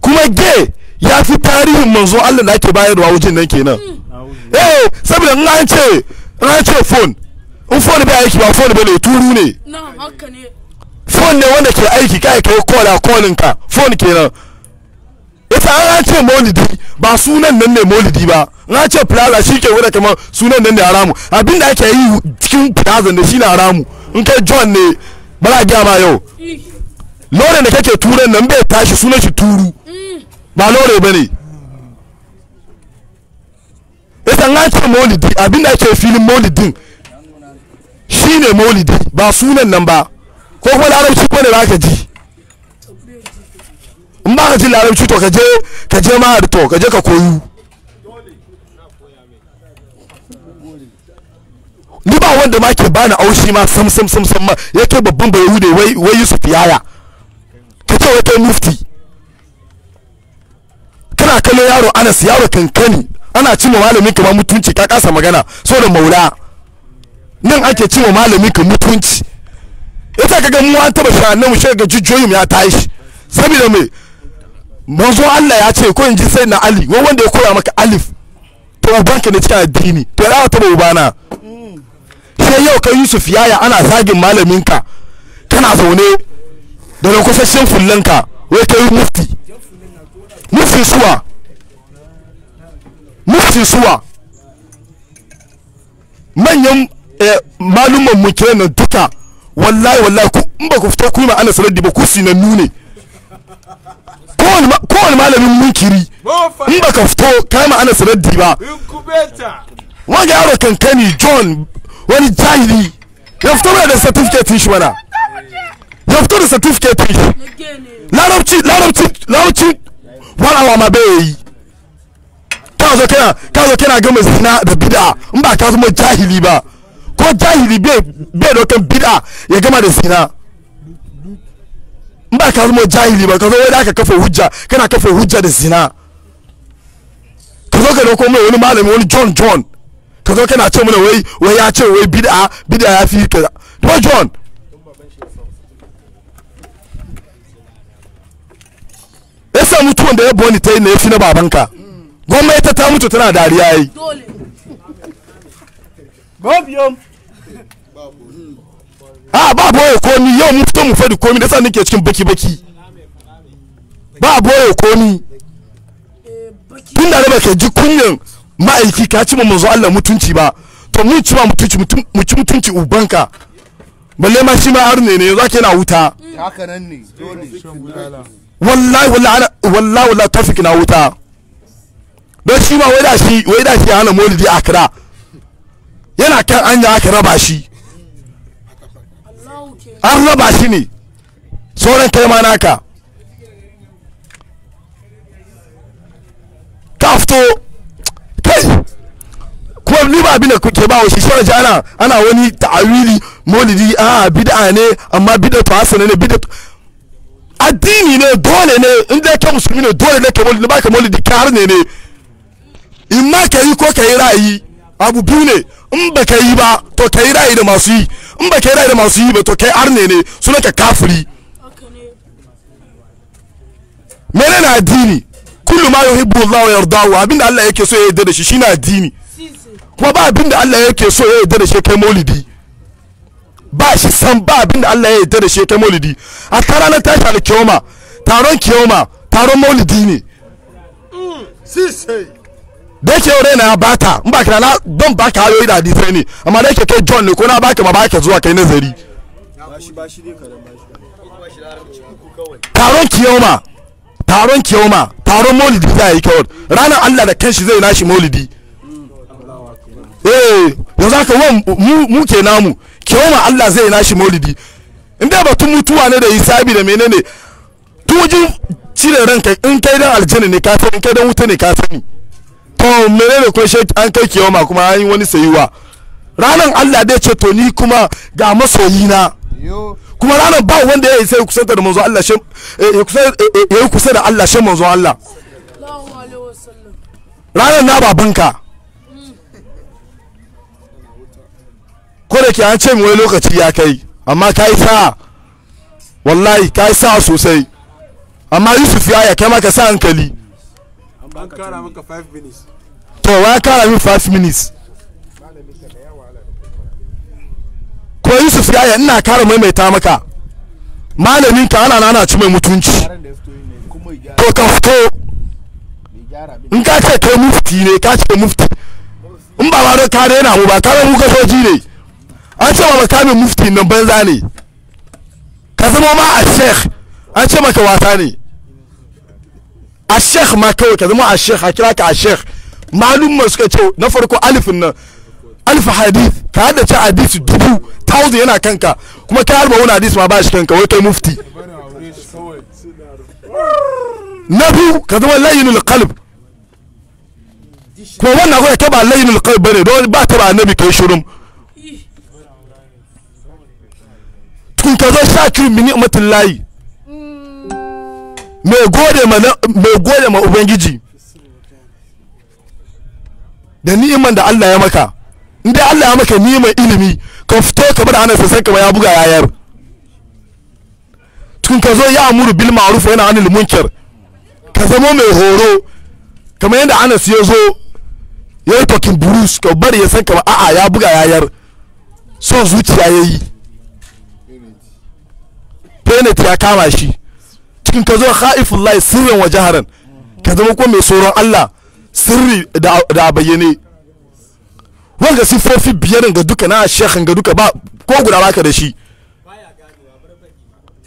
kuma gay ya fi tarihin manzo Allah da ake bayarwa wajen nan kenan eh saboda in an ce in an ce phone in phone bai aiki ba phone bai turu ne phone ne wanda ke aiki kai kai kola kolin ka phone kenan sa an ka ce maulidi ba sunan nan ne maulidi ba na ce plaza shi ke wadda kamar sunan nan ne haramu abin da ake yi cikin plaza ne shi ne haramu in kai john ne bara gya ma yau lore da kake turan nan bai tashi sunan shi turu ba lore ba ne an na ce maulidi abinda ake filin maulidin shi ne maulidi ba sunan nan ba ko kuma larabci ko ne ba ka ji in ba ka jin larabci to ka je ka je mahar to ka je ka koyu ni ba wanda ma ke bani aushi ma sam sam sam sam ma yake babban bai hude wai wai Yusuf yaya ka ce wata mufti kana kallo yaro Anas yaro kankani ana cimma malami kamar mutunci ka kasa magana so da maula nan ake cimma malami ka mutunci ita e kaga mu an taba sha nan mu shiga jujjoyim ya tashi saboda me manzo Allah ya ce ko in ji sai na Ali wai wanda ya koya maka alif to ka ne cikin addini to ya ta ubana sai yau kai Yusuf yaya ana zagin malaminka kana zaune da fullan ka wai kai mufti mufti suwa mufti suwa manyan eh, malumman mu kenan duka wallahi wallahi ku in ba ku fito ku ma ana sanar da ba ku sinannu ne kowane malamin munkiri in baka fito kai ma ana sanaddi ba wani yaro kankani john wani jahili ya fito mana da certificate shi mana ya fito da certificate shi larabci larabci larabci wani awa ma bai yi kazo zo kana kana gama zina da bid'a in ba ka zama jahili ba ko jahili bai bai dokan bid'a ya gama da zina in ba ka zama jahili ba ka zo wai ka kafa hujja kana kafa hujja da zina ka zo ka dauko mai wani malami wani john john ka zo kana ce mana wai wai ya ce wai bid'a bid'a ya fi kaza to john yasa mutuwan da ya boni ta yi na ya fi na babanka gwamnati ta mutu tana dariya yi a ba boye komi yau mun fito mu fadi komi da sa nake cikin baki baki ba boye komi tun da ka ji kunyan ma'aiki ka ci manzo Allah mutunci ba to mun ci ba mutunci mu ci mutunci ubanka balle ma shi ma arne ne yanzu ake na wuta haka nan ne wallahi wallahi wallahi wallahi tafik na wuta don shi ma wai da shi wai da shi hana maulidi akra yana kan anya aka raba shi an raba shi ne sauran kai ma naka ka fito kai kuma ni ba abin da kuke ba wasu shi ana ana wani ta'awili molidi a bid'a ne amma bid'a ta hasana ne bid'a addini ne dole ne in dai ka musulmi ne dole ne ka maulidi ba ka molidi ka ne ne in ma ka yi ko ka yi ra'ayi abu biyu ne in ba ka yi ba to ka yi ra'ayi da masu yi in ba ke rai da masu yi ba to kai arne ne suna ka kafiri mene na addini kullu ma yuhibbu Allah wa yardahu abinda Allah yake so ya yarda da shi shine addini kuma ba abinda Allah yake so ya yarda da shi kai maulidi ba shi san ba abinda Allah ya yarda da shi kai maulidi a tara na tashi alkiyoma taron kiyoma taron maulidi ne sisai da yake yau na ya bata in ba kira na don baka hayoyi da hadisai ne amma da yake kai john ne ko na baka ba ka zuwa kai nazari taron kiyoma taron kiyoma taron molidi za a yi kyau ranar allah da kanshi zai nashi molidi eh yanzu haka wan mu ke namu kiyoma allah zai nashi molidi in dai batun mutuwa ne da hisabi da menene tujin cire ranka in kai dan aljanna ne ka sani kai dan wuta ne ka sani to menene kuma shi an kai ma kuma an yi wani sayuwa ranan Allah dai ce to ni kuma ga masoyi na kuma ranar ba wanda ya isa kusanta da manzo Allah shi eh, eh, eh, ya yi kusa da Allah shi manzo Allah ranar na babanka ko da ke an ce wani lokaci ya kai amma ka yi sa'a wallahi ka yi sa'a sosai amma yusuf ya ya kai maka sa hankali an kara maka 5 minutes to wa kara min five minutes ko yusuf yaya ina kara maimaita maka malamin ka ana ana ci mai mutunci to ka fito in ka ce kai mufti ne ka ce mufti in ba wani ka daina mu ba kare mu gasoji ne an ce ka makamin mufti nan banza ne ka zama ma a sheikh an ce maka wata ne a sheikh ma kawai ka zama a sheikh a kira ka a sheikh malumma suka ce na farko alifin nan alif hadith ka haddace hadith dubu thousand yana kanka kuma ka harba wani hadith ma ba shi kanka wai kai mufti na biyu ka zama layinul qalb ko wannan kawai ta ba layinul qalb bane don ba ta ba annabi kai shirin Tun ka zo shakirin mini ni'matin layi mai mm. gode ma ubangiji da ni'iman da Allah ya maka in dai Allah ya maka ni'imar ilimi ka fito ka bar hannunsa sai kamar ya buga yayar tun ka zo ya amuru bil ma'ruf yana anil munkar ka zama mai horo kamar yadda Anas ya zo ya yi fakin burus ka bari ya san kamar a'a ya buga yayar so zuciya ya yi penet ya kama shi tun ka zo ha'ifullahi sirrin wa jaharan ka zama ko mai tsoron Allah sirri da a bayyane wanga siffofi biyar ga duka na shekhan ga duka ba ko guda baka da shi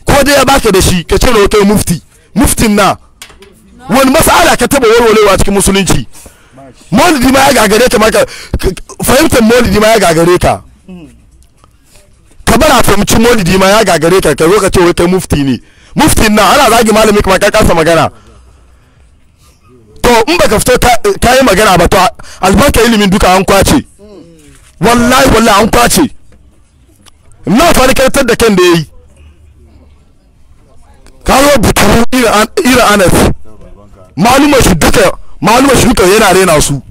ko dai ya baka da shi ka ce da wata mufti muftin na wani mas'ala ka taba warwarewa cikin musulunci maulidi ma ya gagare ka maka fahimtar maulidi ma ya gagare ka ka bara fahimci maulidi ma ya gagare ka ka zo ka ce wata mufti ne muftin na ana zagi malami kamar ka kasa magana to in ka fito ka yi magana ba to albarka ilimin duka an kwace wallahi wallahi an kwace na fara karatar da kan da ya yi kawo bukuru irin anas malumar shi duka malumar shi duka yana rena su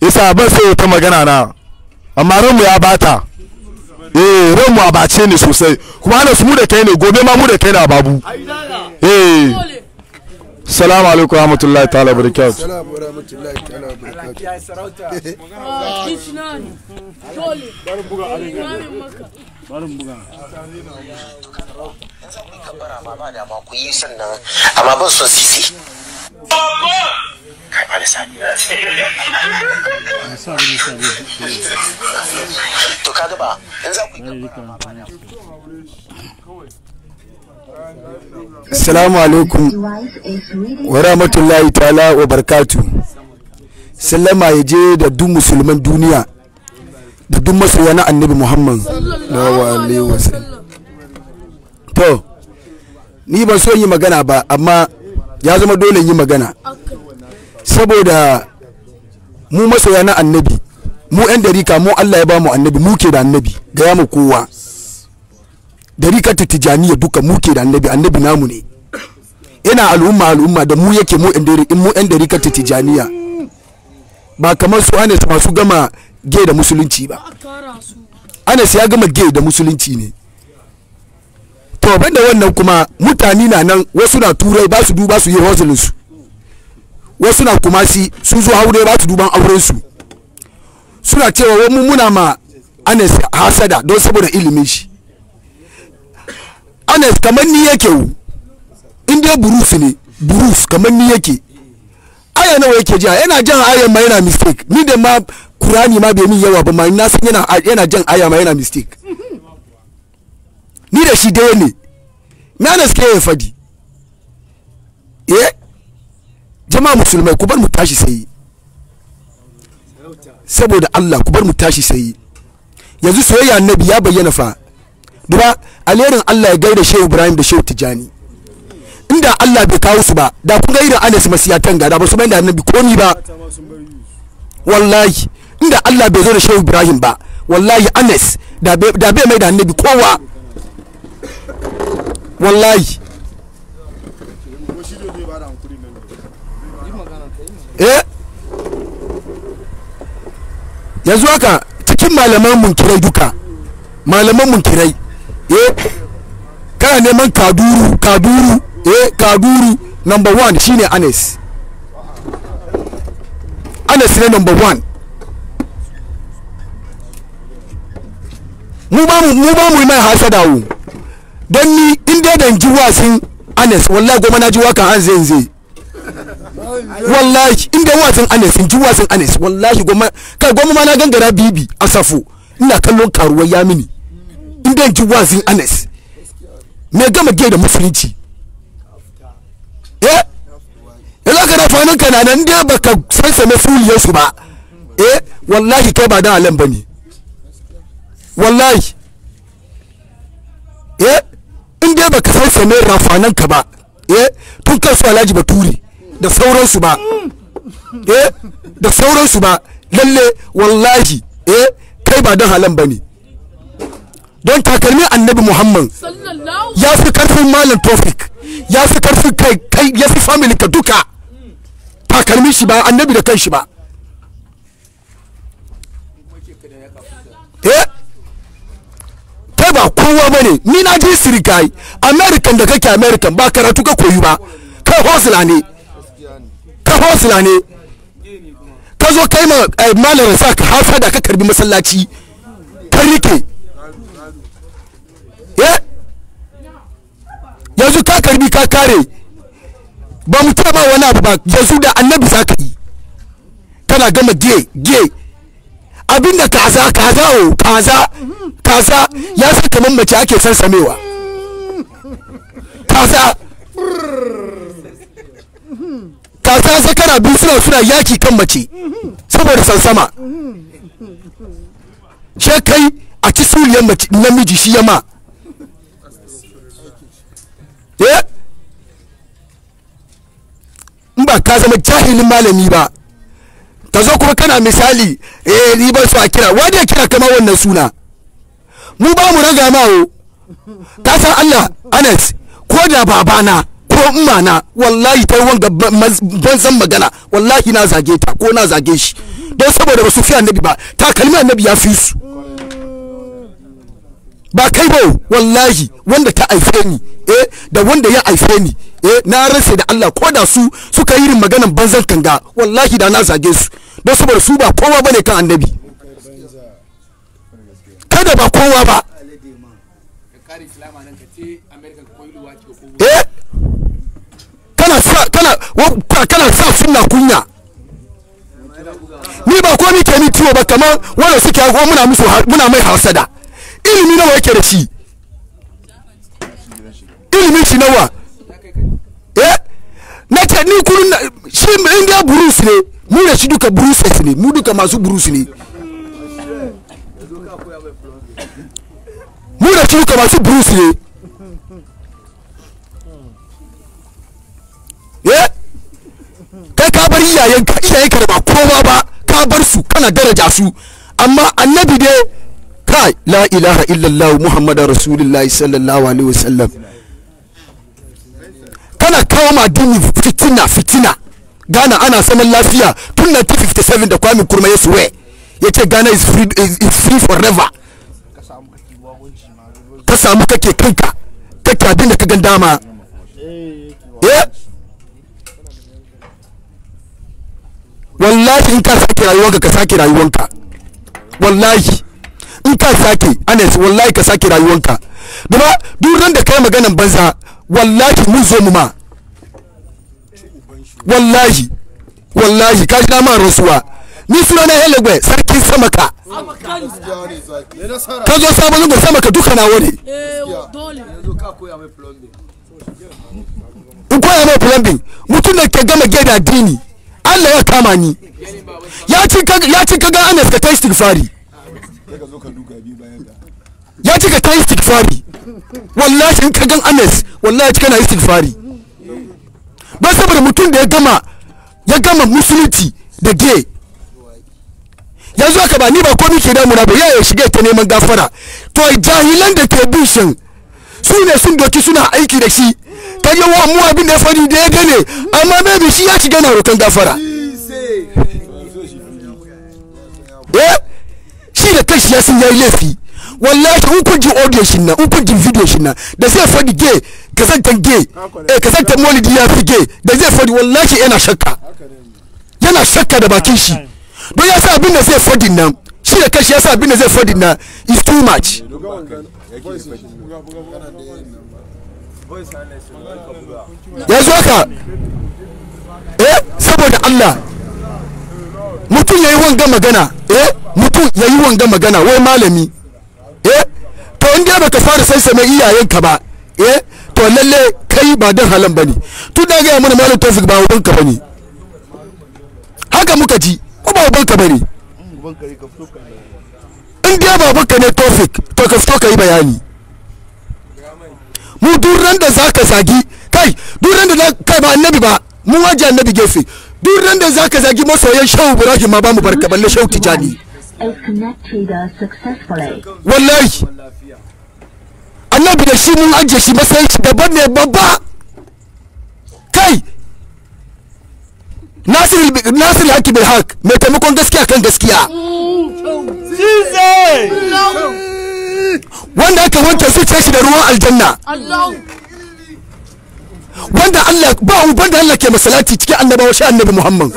isa ban sai wata magana na amma ranmu ya bata eh ranmu a bace ne sosai kuma ana su mu da kai ne gobe ma mu da kai na babu eh salamu alaikum wa rahmatullahi ta'ala Assalamu alaikum wa rahmatullahi ta'ala wa barkatu. Sallama ya je da duk musulman duniya da duk masoya na annabi Muhammad sallallahu alaihi wasallam. To, ni ban so yi magana ba amma ya zama dole yi magana. Saboda mu masoya na annabi, mu 'yan darika mu Allah ya ba mu annabi, mu ke da annabi, gaya mu kowa. darikatu tijaniya duka muke da annabi annabi namu ne ina al'umma al'umma da mu yake mu in mu dari kata tijaniya ba kamar su anas masu gama ge da musulunci ba anas ya gama ge da musulunci ne to banda wannan kuma mutane na nan wasu na turai ba su duba su yi hustling su wasu na kuma si sun zo aure ba su duban auren su suna cewa wani muna ma anas hasada don saboda ilimin shi anas kamar ni yake wu in dai buruf ne buruf kamar ni yake aya nawa yake jiya yana jan aya ma yana mistake ni da ma kurani ma bai min yawa ba ma na san yana yana jan aya ma yana mistake ni da shi dai ne na anas ya fadi eh jama'a musulmai ku bar mu tashi sai saboda Allah ku bar mu tashi sai yanzu soyayya annabi ya bayyana fa duba alherin Allah ya gaida Shehu Ibrahim da Shehu Tijani inda Allah bai kawo su ba da kun ga irin Anas Masiya tanga da ba su bayan da annabi komi ba wallahi inda Allah bai zo da Shehu Ibrahim ba wallahi Anas da bai mai da annabi kowa wallahi eh yanzu haka cikin malaman munkirai duka malaman munkirai eh kana neman kaduru kaduru eh kaduru number one shine anes anes ne number one mu ba mu mu ba mu mai hasada wu don ni in dai dan ji wasin anes wallahi goma na ji wakan an zai zai wallahi in dai wasin anes in ji wasin anes wallahi goma kai goma ma na gangara bibi asafu ina kallon karuwar yamini in dan ji wazin anes me gama gai da musulunci eh ila ka da fanin ka na nan dai baka same fuliyar su ba eh wallahi to ba da alam bane wallahi eh in dai baka sansame rafanan ka ba eh tun kan su alhaji baturi da sauransu ba eh da sauransu ba lalle wallahi eh kai ba don halan ba ne don takalmin annabi muhammad ya fi karfin malam tofik ya fi karfin kai kai ya fi family ka duka takalmin shi ba annabi da kan shi ba eh kai ba kowa bane ni na ji sirikai american da kake american ba karatu ka koyi ba kai hosla ne ka hosla ne ka zo kai ma eh, malam sa ka hafa da ka karbi masallaci ka rike Eh? yanzu ka karbi ka kare ba mu taba wani abu ba yanzu da annabi za ka yi kana gama ge ge abinda kaza kaza o kaza kaza ya sa kamar mace ake sansamewa kaza kaza zakara biyu suna suna yaki kan mace saboda sansama kai. a ci suliyar namiji shi ya ma eh? in ba ka zama jahilin malami ba ka zo kuma kana misali eh ni ba su a kira wani ya kira kama wannan suna mu ba mu raga o ka san Allah Anas ko da babana ko na wallahi ta wanga ban magana wallahi na zage ta ko na zage shi don saboda ba su fi annabi ba takalmi annabi ya fi su ba kai ba wallahi wanda ta haife ni eh da wanda ya haife ni eh na rasa da Allah ko da su suka yi irin maganan banzar tanga wallahi da na zage su don saboda su ba kowa bane kan annabi kada ba kowa ba eh kana sa kana kana sa sunna kunya ni ba ko ni ke ni ciwo ba kamar wanda suke muna musu muna mai hasada ilimi nawa yake da shi ilimin shi nawa eh? na ce ni kurun shi inda burus ne mu da shi duka bruces ne mu duka masu burus ne mu da shi duka masu burus ne ya eh? kai ka bar iyayenka iyayenka da ba kowa ba ka bar su kana daraja su amma annabi dai kai la ilaha illallah muhammadu rasulullahi sallallahu alaihi wasallam kana kawo ma dini fitina fitina ghana ana saman lafiya tun 1957 da kwamin kurma ya suwe ya ce ghana is free, is, free forever ka samu kake kanka kake abinda ka gan dama eh? wallahi in ka sake rayuwanka ka sake rayuwanka wallahi in ka sake anes wallahi ka sake rayuwanka gaba duk ran da kai maganan banza wallahi mun zo mu ma wallahi wallahi ka shi ma rasuwa ni suna na helegwe sarkin samaka ka zo sabon zango samaka duka na wani in koya mai plumbing mutum da ke gama geda dini allah ya kama ni ya ci kaga anas ka ta istighfari ya ce ka ta yi istighfari wallahi in ka gan anes wallahi ka na istighfari ba saboda mutum da ya gama ya gama musulunci da gay yanzu ka ba ni ba komi ke damuna ba ya shiga ta neman gafara to jahilan da ke bushin su ne sun doki suna aiki da shi ta yi wa mu abin da ya da ya ne amma bai shi ya shiga na rokan gafara eh shi da kanshi ya san yayi laifi wallahi in kun ji audio shin nan in kun ji video shin nan da zai fadi gay kasantan gay eh kasantan molidi ya fi gay da zai fadi wallahi yana shakka yana shakka da bakin shi don ya sa abin da zai fadi nan shi da kanshi ya sa abin da zai fadi nan is too much yanzu haka eh saboda Allah mutum ya yi wanga magana eh mutum ya yi wanga magana wai malami eh to inda ka fara sansame iyayenka ba eh to lalle kai ba dan halan bane tun da ga mun malam tofik ba uban ka bane haka muka ji ko ba uban ka bane in dai baban ka ne tofik to ka fito ka yi bayani mu duran da zaka zagi kai duran da kai ba annabi ba mun waje annabi gefe duk ran da zaka zagi masoyan shehu ibrahim ma ba mu barka balle shehu tijani wallahi annabi da shi mun ajiye shi matsayin shi daban ne babba kai nasir nasir haki bil haq mai taimakon gaskiya kan gaskiya wanda aka wanke zuciya shi da ruwan aljanna wanda Allah ba uban banda Allah ke masalati cikin annabawa shi annabi Muhammad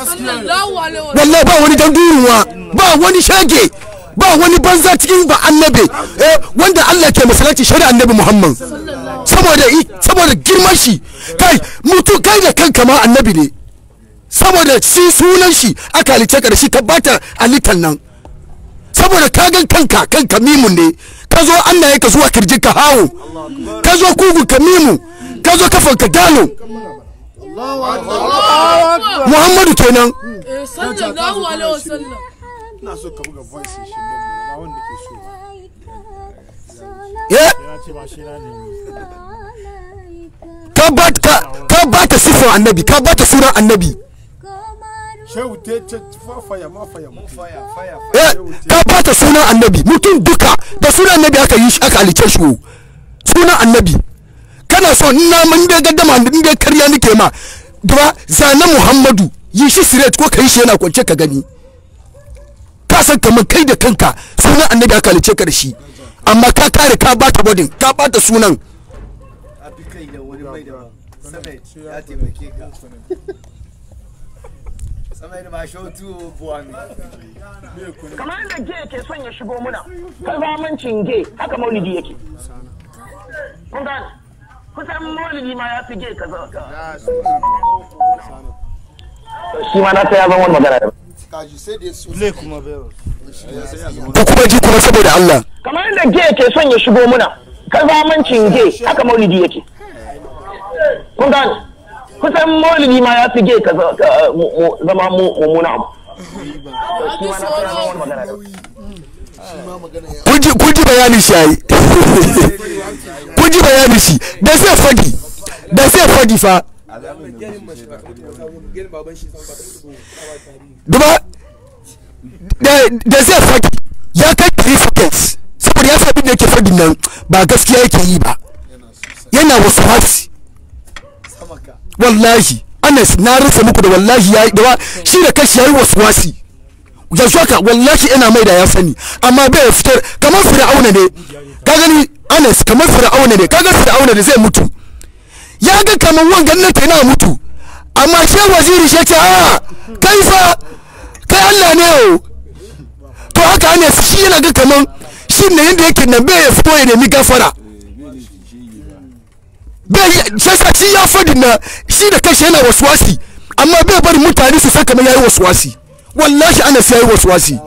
wallahi ba wani dandurunwa. ba wani shage ba wani banza cikin ba annabi eh wanda Allah ke masalati shi annabi Muhammad saboda saboda girman shi kai mutu kai da kanka ma annabi ne saboda shi sunan shi aka halice ka da shi ka bata alitan nan saboda ka gan kanka kanka mimun ne ka zo Allah ya ka zuwa kirjin ka hawo ka zo kugu ka mimu ka zo kafan ka gano muhammadu kenan eh? ka ba ta sifin annabi ka ba ta sunan annabi ka ba ta sunan annabi mutum duka da sunan annabi aka yi aka alice shi sunan annabi kana so na mun dai gaddama mun da karya nake ma duba zane muhammadu yi shi siret ko kai shi yana kwance ka gani ka san kamar kai da kanka sunan annabi aka lice ka amma ka kare ka bata bodin ka bata sunan Kamar da ge ke son ya shigo muna, ge haka maulidi yake. Kun gane? kusan maulidi ma ya fi gai ka shi ma na ta zan zama wani magana da ku kuma ji kuma saboda Allah kamar yadda ge ke son ya shigo muna kazamancin ge haka maulidi yake kun gane kusan maulidi ma ya fi gai ka zama mummuna abu shi ma na ta ya zama magana da kuji bayani shi yayi kuji bayani shi da zai fadi da zai fadi fa duba da zai fadi ya kai 3 seconds saboda ya faɗi da yake fadin nan ba gaskiya yake yi ba yana wasu hasi wallahi anas na rasa muku da wallahi ya yi shi da kashi ya yi wasu wasi yanzu haka wallahi ina mai da ya sani amma bai fitar kamar fir'auna ne ka gani anas kamar fir'auna ne kaga fir'auna ne zai mutu ya ga kamar wangan na yana mutu amma she waziri shi ce a kai fa kai Allah ne o to haka anas shi yana ga kamar shi ne yadda yake nan bai fito ya nemi gafara bai shi ya fadi na shi da kashi yana wasuwasi amma bai bari mutane su saka mai yayi wasuwasi wallahi anas yayi wasi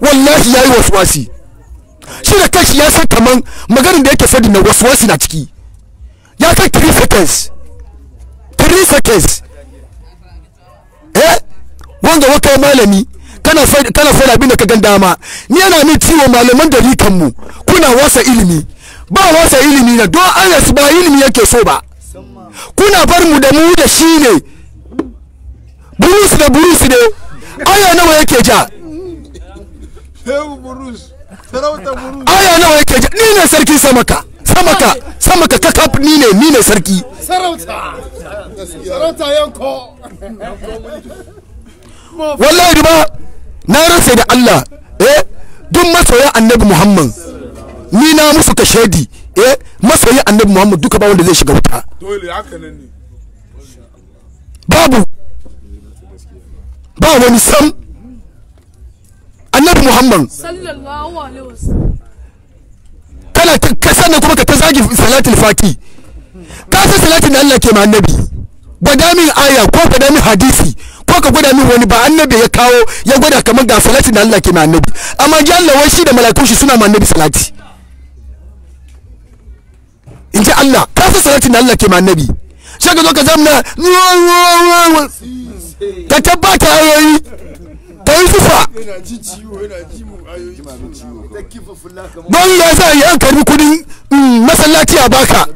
wallahi yayi wasi shi da kanshi ya san kaman maganin da yake fadi na wasi na ciki ya kai 3 seconds 3 seconds eh wanda wata malami kana faida kana faida abin da ka ganda dama ni yana min ciwo malaman da rikan mu kuna wasa ilimi ba wasa ilimi na don anas ba ilimi yake so ba kuna bar mu da mu da shi ne burus da burus ne aya nawa yake ja aya nawa yake ja ni ne sarki samaka samaka samaka kakaf ni ne ni ne sarki sarauta sarauta yanko wallahi duba na rasa da Allah eh duk masoya annabi Muhammad ni na musu ka shaidi eh masoya annabi Muhammad duka ba wanda zai shiga wuta dole haka nan ne babu ba wani sam annabi muhammad sallallahu alaihi wasallam kana kasa na kuma ka ta zagi salatul faki ka san salatin da Allah ke ma annabi gwada min aya ko gwada min hadisi ko ka gwada min wani ba annabi ya kawo ya gwada kamar ga salatin da Allah ke ma annabi amma ji Allah wai shi da malakun shi suna ma annabi salati in ji Allah ka san salatin da Allah ke ma annabi sai ka zo ka zamna ka tabbata ayoyi ta yi zufa don ya za a yi an karbi kudin mm, masallaci a baka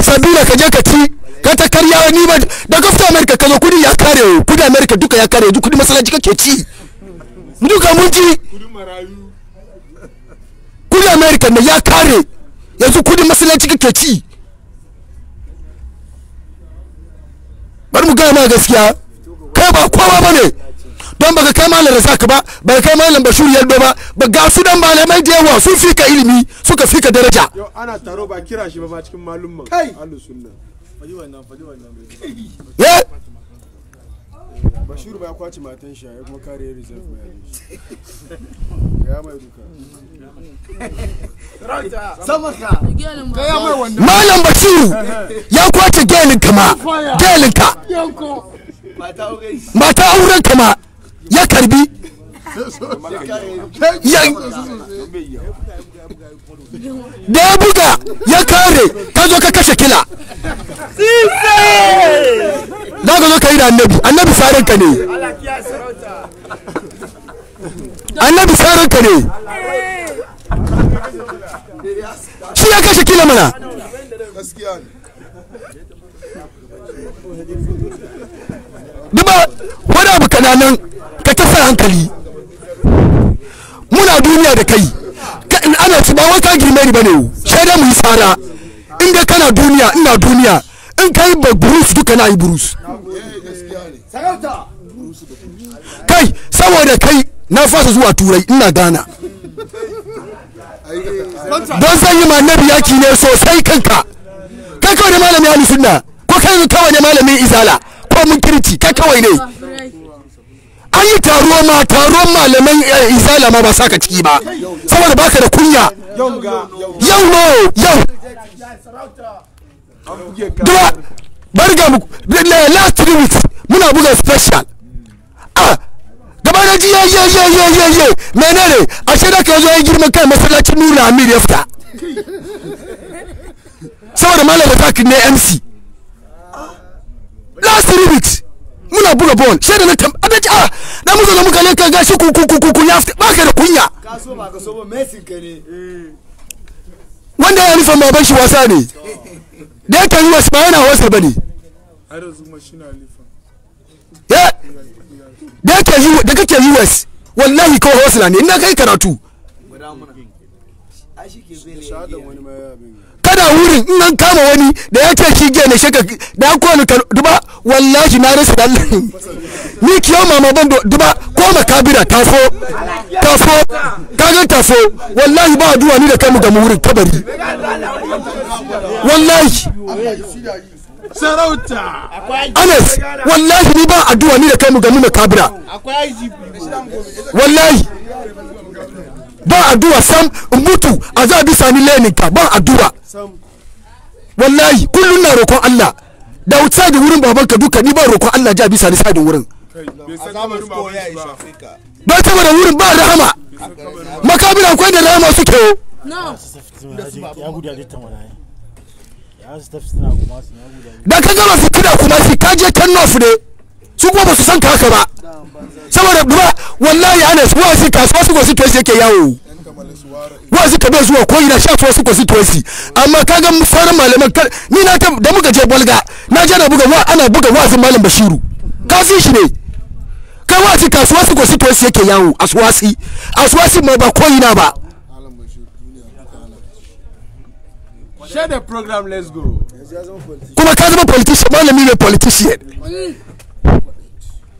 sabila ka je ka ci ka ta karya ni ba da gafta amerika ka zo kudi ya kare kudi amerika duka ya kare kudi masallaci ka ke ci duka mun ci kudi amerika da ya kare yanzu kudi masallaci ka ke ci bari mu gaya ma gaskiya kai ba kowa ba ne don baka kai malam razak ba baka kai malam bashir yaddo ba ba ga su dan malamai da yawa sun fika ilimi suka fika daraja yo ana taro ba kira shi ba ba cikin malumman kai ahlus sunna faɗi wannan faɗi wannan bashir ba ya kwaci matan shi ya kuma kare reserve ba ya mai duka. Malam Bashiru ya kwace gelinka ma gelinka mata auren kama ya karbi da ya buga ya kare ka zo ka kashe kila za ka zo ka yi da annabi annabi tsarin ka ne annabi tsarin ka ne shi ya kashe kila mana duba wani abu kananan ka kasa hankali muna duniya da kai in ana ci ba wai ka girme ni sai da mu yi tsara in dai kana duniya ina duniya in kai ba bruce duka na yi burus kai saboda kai na fasa zuwa turai ina gana don zan yi annabi yaki ne sosai kanka kai kawai da malami alusunna ko kai kawai da malamin izala mun kirki ta kawai ne an yi taro ma taron malaman eh, izala ma ba sa ka ciki ba saboda baka da kunya yau no yau duwa barga mu last three weeks muna buga special a ah, gaba da ji yayi yayi yayi yayi menene ashe da ka zo ya girma kai masallacin nura amir ya fita saboda malam da ne mc last three weeks muna buga ball sai da na tam a daji a na muka da muka ne ka gashi ku ku ku ku ya ba ka da kunya ka ba ka so ba messi ka ne wanda ya nufin baban shi wasa ne da ya kan wasu ba yana wasa bane ya da kake yi da kake yi wasu wallahi ko hosla ne ina kai karatu shi ke zai ne kana wurin in an kama wani da ya ce shi gene shi ka da ko ni ka duba wallahi na rasa da Allah ni kiyo mama ban duba ko makabira taso taso kaga taso wallahi ba duwa ni da kai mu ga wurin kabari wallahi sarauta anas wallahi ni ba addu'a ni da kai mu ga mu makabira wallahi ba addu'a sam mutu a za a dusa ni leninka ba addu'a wallahi kullum na roƙon Allah da outside wurin babanka duka ni ba roƙon Allah ja bisa ni side wurin ba saboda wurin ba rahama makabira akwai da rahama suke yo da ka gama fitina kuma shi ka je kan nof ne su kuma ba su san haka ba saboda duba wallahi ana su wazi kasuwa su gosi tuwasi yake yawo wazi ka bai zuwa ko ina sha tuwa su gosi tosi amma k'a ga sauran malaman ni na da muka je bolga na je na buga wa ana buga wazin malam bashiru si shi ne kai wazi kasuwa su gosi tosi yake yawo aswasi aswasi ma ba ko ina ba Share the program, let's go. Kuma ka zama politician, malami ne politician.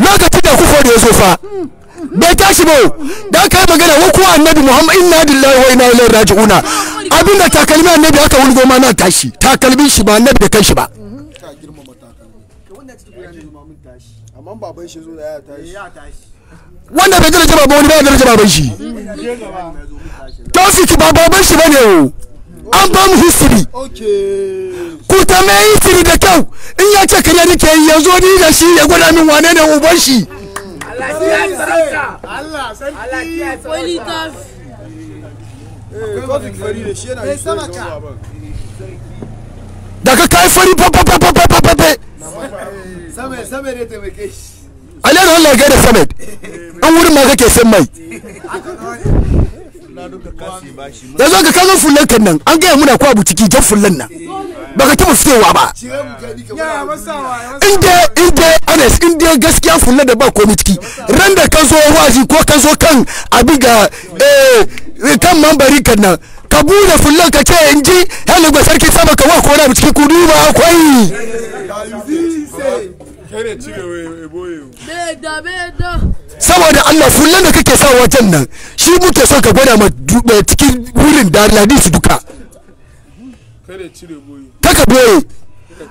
lokacin da kufo da ya sofa fa bai tashi ba da kai magana wa kuwa annabi muhammad inna lillahi wa inna ilaihi raji'una da takalmi annabi aka wani goma na tashi takalmin shi ba annabi da kanshi ba eh, wanda bai daraja ba wani bai daraja ba shi ki ba baban shi bane o an ba mu history ku history da kyau in ya ce kare nake ya yanzu ni da shi ya gwada min wane ne uban shi daga kai fari fafafafafafafe eh, eh, an mai da zo ka kazo fullan kan nan an gaya muna ko abu ciki jan fullan nan ba ka taba fitowa ba inda inda anes inda gaskiya fullan da ba komai ciki ran da ka zo wazi ko ka zo kan abiga eh kan mambari kan nan ka bude fullan ka ce in ji hello ga sarki sama ka wa ko na ciki kudu ba akwai saboda Allah fullan da kake sa wajen nan shi muke son ka gwada ma cikin wurin da ladisi duka kaka boye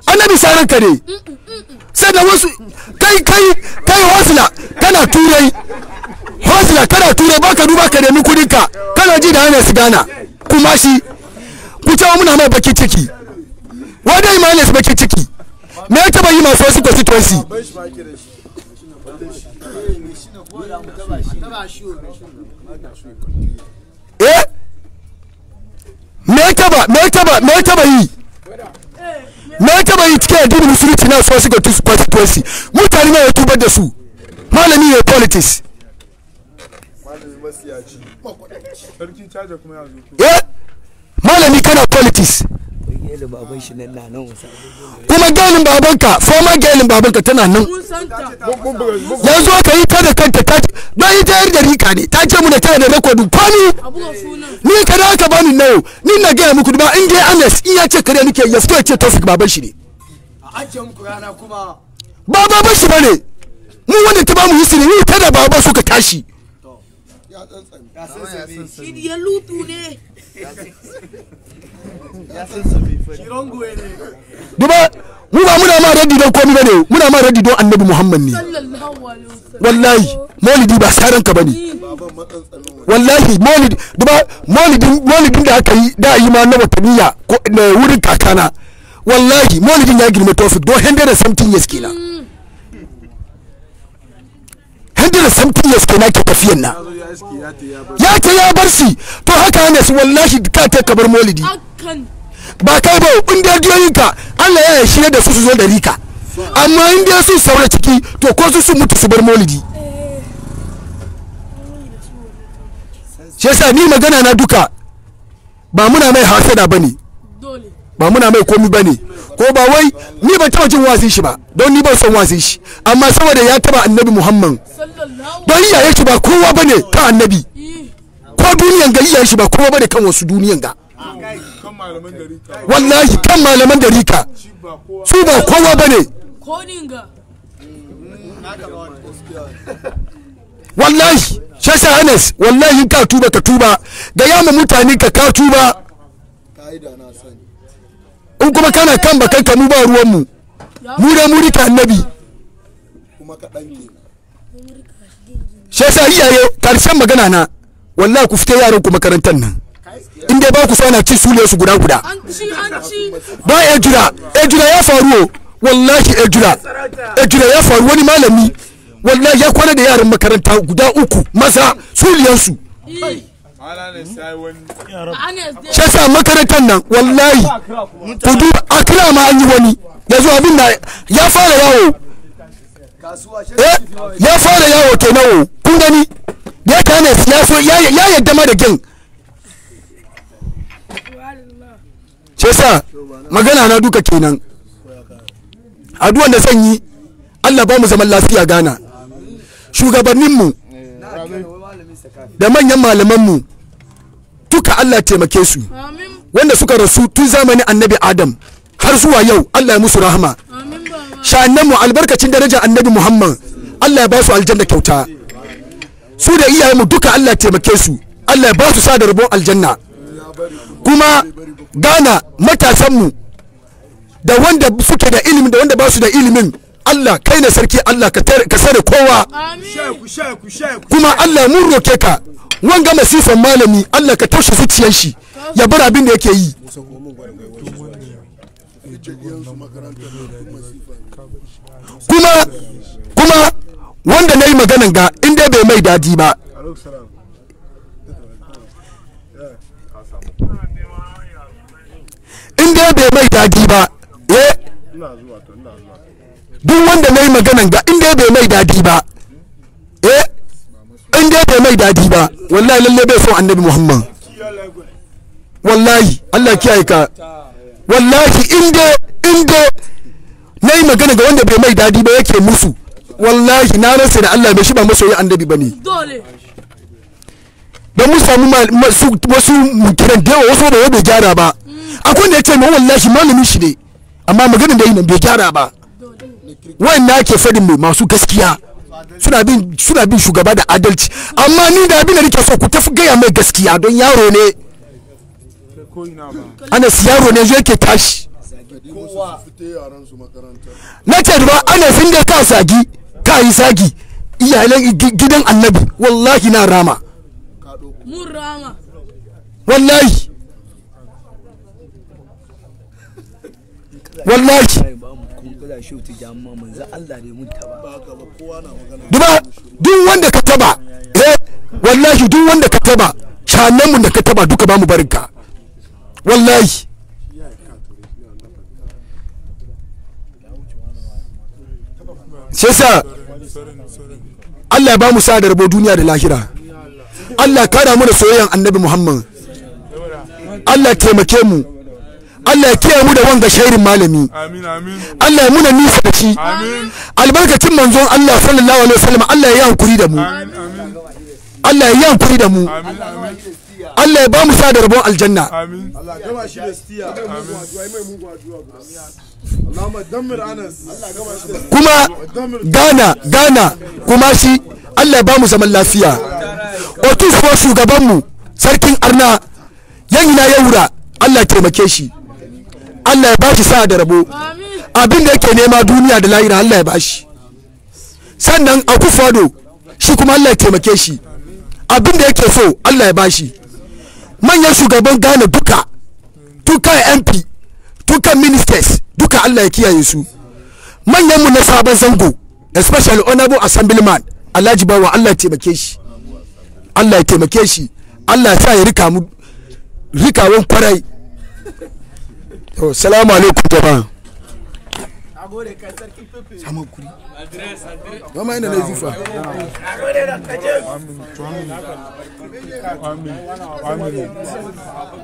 annabi sa ka ne mm, mm, mm, sai da wasu kai kai kai hosla kana turai hosla kana turai baka duba ka nemi kudin ka kana ji da hana sigana kuma shi ku cewa muna mai baki ciki wadai ma ne baki ciki me ya taba yi masu wasu constituency eh me ya taba me ya taba me ya taba yi me ya taba yi cikin addinin musulunci na su wasu constituency mutane na ya tubar da su malami ya politics eh? malami kana politics kuma gelin babanka foma gelin babanka tana nan yanzu aka yi ta da kanta ta don ta yar da rika ne ta ce mu da tana da rekodin kwami ni ka da aka bani nayo ni na gaya muku ba in dai anes in ya ce kare nake ya fito ya ce tofik baban shi ne ba baban shi bane mu wanda ta ba mu hisiri ni ta da baban suka tashi ya ya duba mu ba muna ma raddi don komi bane muna ma raddi don annabi muhammad ne wallahi maulidi ba saran ka bane wallahi maulidi duba maulidin maulidin da aka yi da yi ma na wataniya ko wurin kakana wallahi maulidin ya girma tofik don hundred and something years kenan hundred and something years kenan ke tafiyan na ya ce ya bar si to haka ne su wallahi ka ta kabar maulidi ba kai ba in diyoyinka Allah ya shirya da su su zo da rika amma in dai sun saura ciki to ko su su mutu su bar maulidi shi yasa ni magana na duka ba muna mai hasada bane ba muna mai komi bane ko ba wai ni ba taba jin wasin shi ba don ni ban son wasin shi amma saboda ya taba annabi Muhammad don iyayen shi ba kowa bane ta annabi eh. ko duniyan ga iyayen shi ba kowa bane kan wasu duniyan ga wallahi kan malaman rika su ba kowa ba ne wallahi shasha hannes wallahi ka tuba ka tuba da yamma mutane ka ka tuba in kuma kana kan bakan ka mu ba ruwanmu mu da muri ka annabi shasha iyaye karshen magana na wallahi ku fita yaran ku makarantar nan in dai ba ku so na ci sule su guda guda ba ya jira ya faru wallahi ya jira ya faru wani malami wallahi ya kwana da yaran makaranta guda uku maza suliyansu shi yasa makarantar nan wallahi ku a akira ma an yi wani yanzu abin da ya fara yawo eh, ya fara yawo nawo kun gani da ya kane ya yadda ma da gin shi sa magana na duka kenan addu'an da zan yi Allah ba mu zama lafiya gana shugabanninmu da manyan malamanmu duka Allah taimake su wanda suka rasu tun zamanin annabi adam har zuwa yau Allah ya musu rahama sha'annanmu albarkacin darajar annabi muhammad Allah ya ba su aljanna kyauta su da iyayenmu duka Allah taimake su Allah ya ba su sa da rabon aljanna kuma gana matasanmu da wanda suke da ilimin da wanda ba su da ilimin Allah kai ne sarki Allah ka sare kowa kuma Allah mun roke ka wanga masifan malami Allah ka taushe zuciyar shi ya bar abin da yake yi kuma kuma wanda na yi maganan ga inda bai mai dadi ba in dai bai mai daji ba eh duk wanda na yi maganan ga in dai bai mai daji ba eh in dai bai mai daji ba wallahi lalle bai son annabi muhammad wallahi allah kiyaye ka wallahi in dai in na yi magana ga wanda bai mai dadi ba yake musu wallahi na rasa da allah bai shi ba masoyi annabi ba ne don mun samu wasu mutiran da yawa wasu da bai gyara ba akwai da ya ce mai ma malamin shi ne amma maganin da yi nan bai gyara ba wayan na ke fadin mai masu gaskiya suna bin suna bin shugaba da adalci amma ni da abin da nake so ku tafi gaya mai gaskiya don yaro ne anas yaro ne yake tashi na ce ba anas inda ka sagi ka yi sagi iyalan gidan annabi wallahi na rama mun wallahi eh, wallahi duk wanda ka taba wallahi duk wanda ka taba canan mun da ka taba duka bamu barin ka wallahi sai sa Allah ya ba mu sa da rabo duniya da lahira Allah kara mu da soyayyan annabi Muhammad Allah taimake mu Allah ya kiyaye mu da wanga shairin malami Allah ya muna nisa da shi albarkacin manzon Allah sallallahu alaihi wasallam Allah ya yi hankuri da mu Allah ya yi hankuri da mu Allah ya ba mu sa bon aljanna amin kuma gana gana kuma shi Allah ya ba mu zaman lafiya kuma shugaban mu sarkin arna yanyina ya wura Allah ya taimake shi Allah ya ba shi sa da rabo abin da yake nema duniya da lahira Allah ya ba shi sannan akufado shi kuma Allah ya taimake shi abin da yake so Allah ya ba bashi manyan shugaban ghana duka duka mp duka ministers duka allah ya kiyaye su manyan mu na sabon zango especially honorable assemblyman alhaji bawa allah ya taimake shi allah ya taimake shi allah ya sa ya rika mu rikawan kwarai salamu alaikum jama'a gode kai sarkin fifi. Samun kuri. Address, Ba ma inda na zufa. da kaje. Amin. Amin. Amin.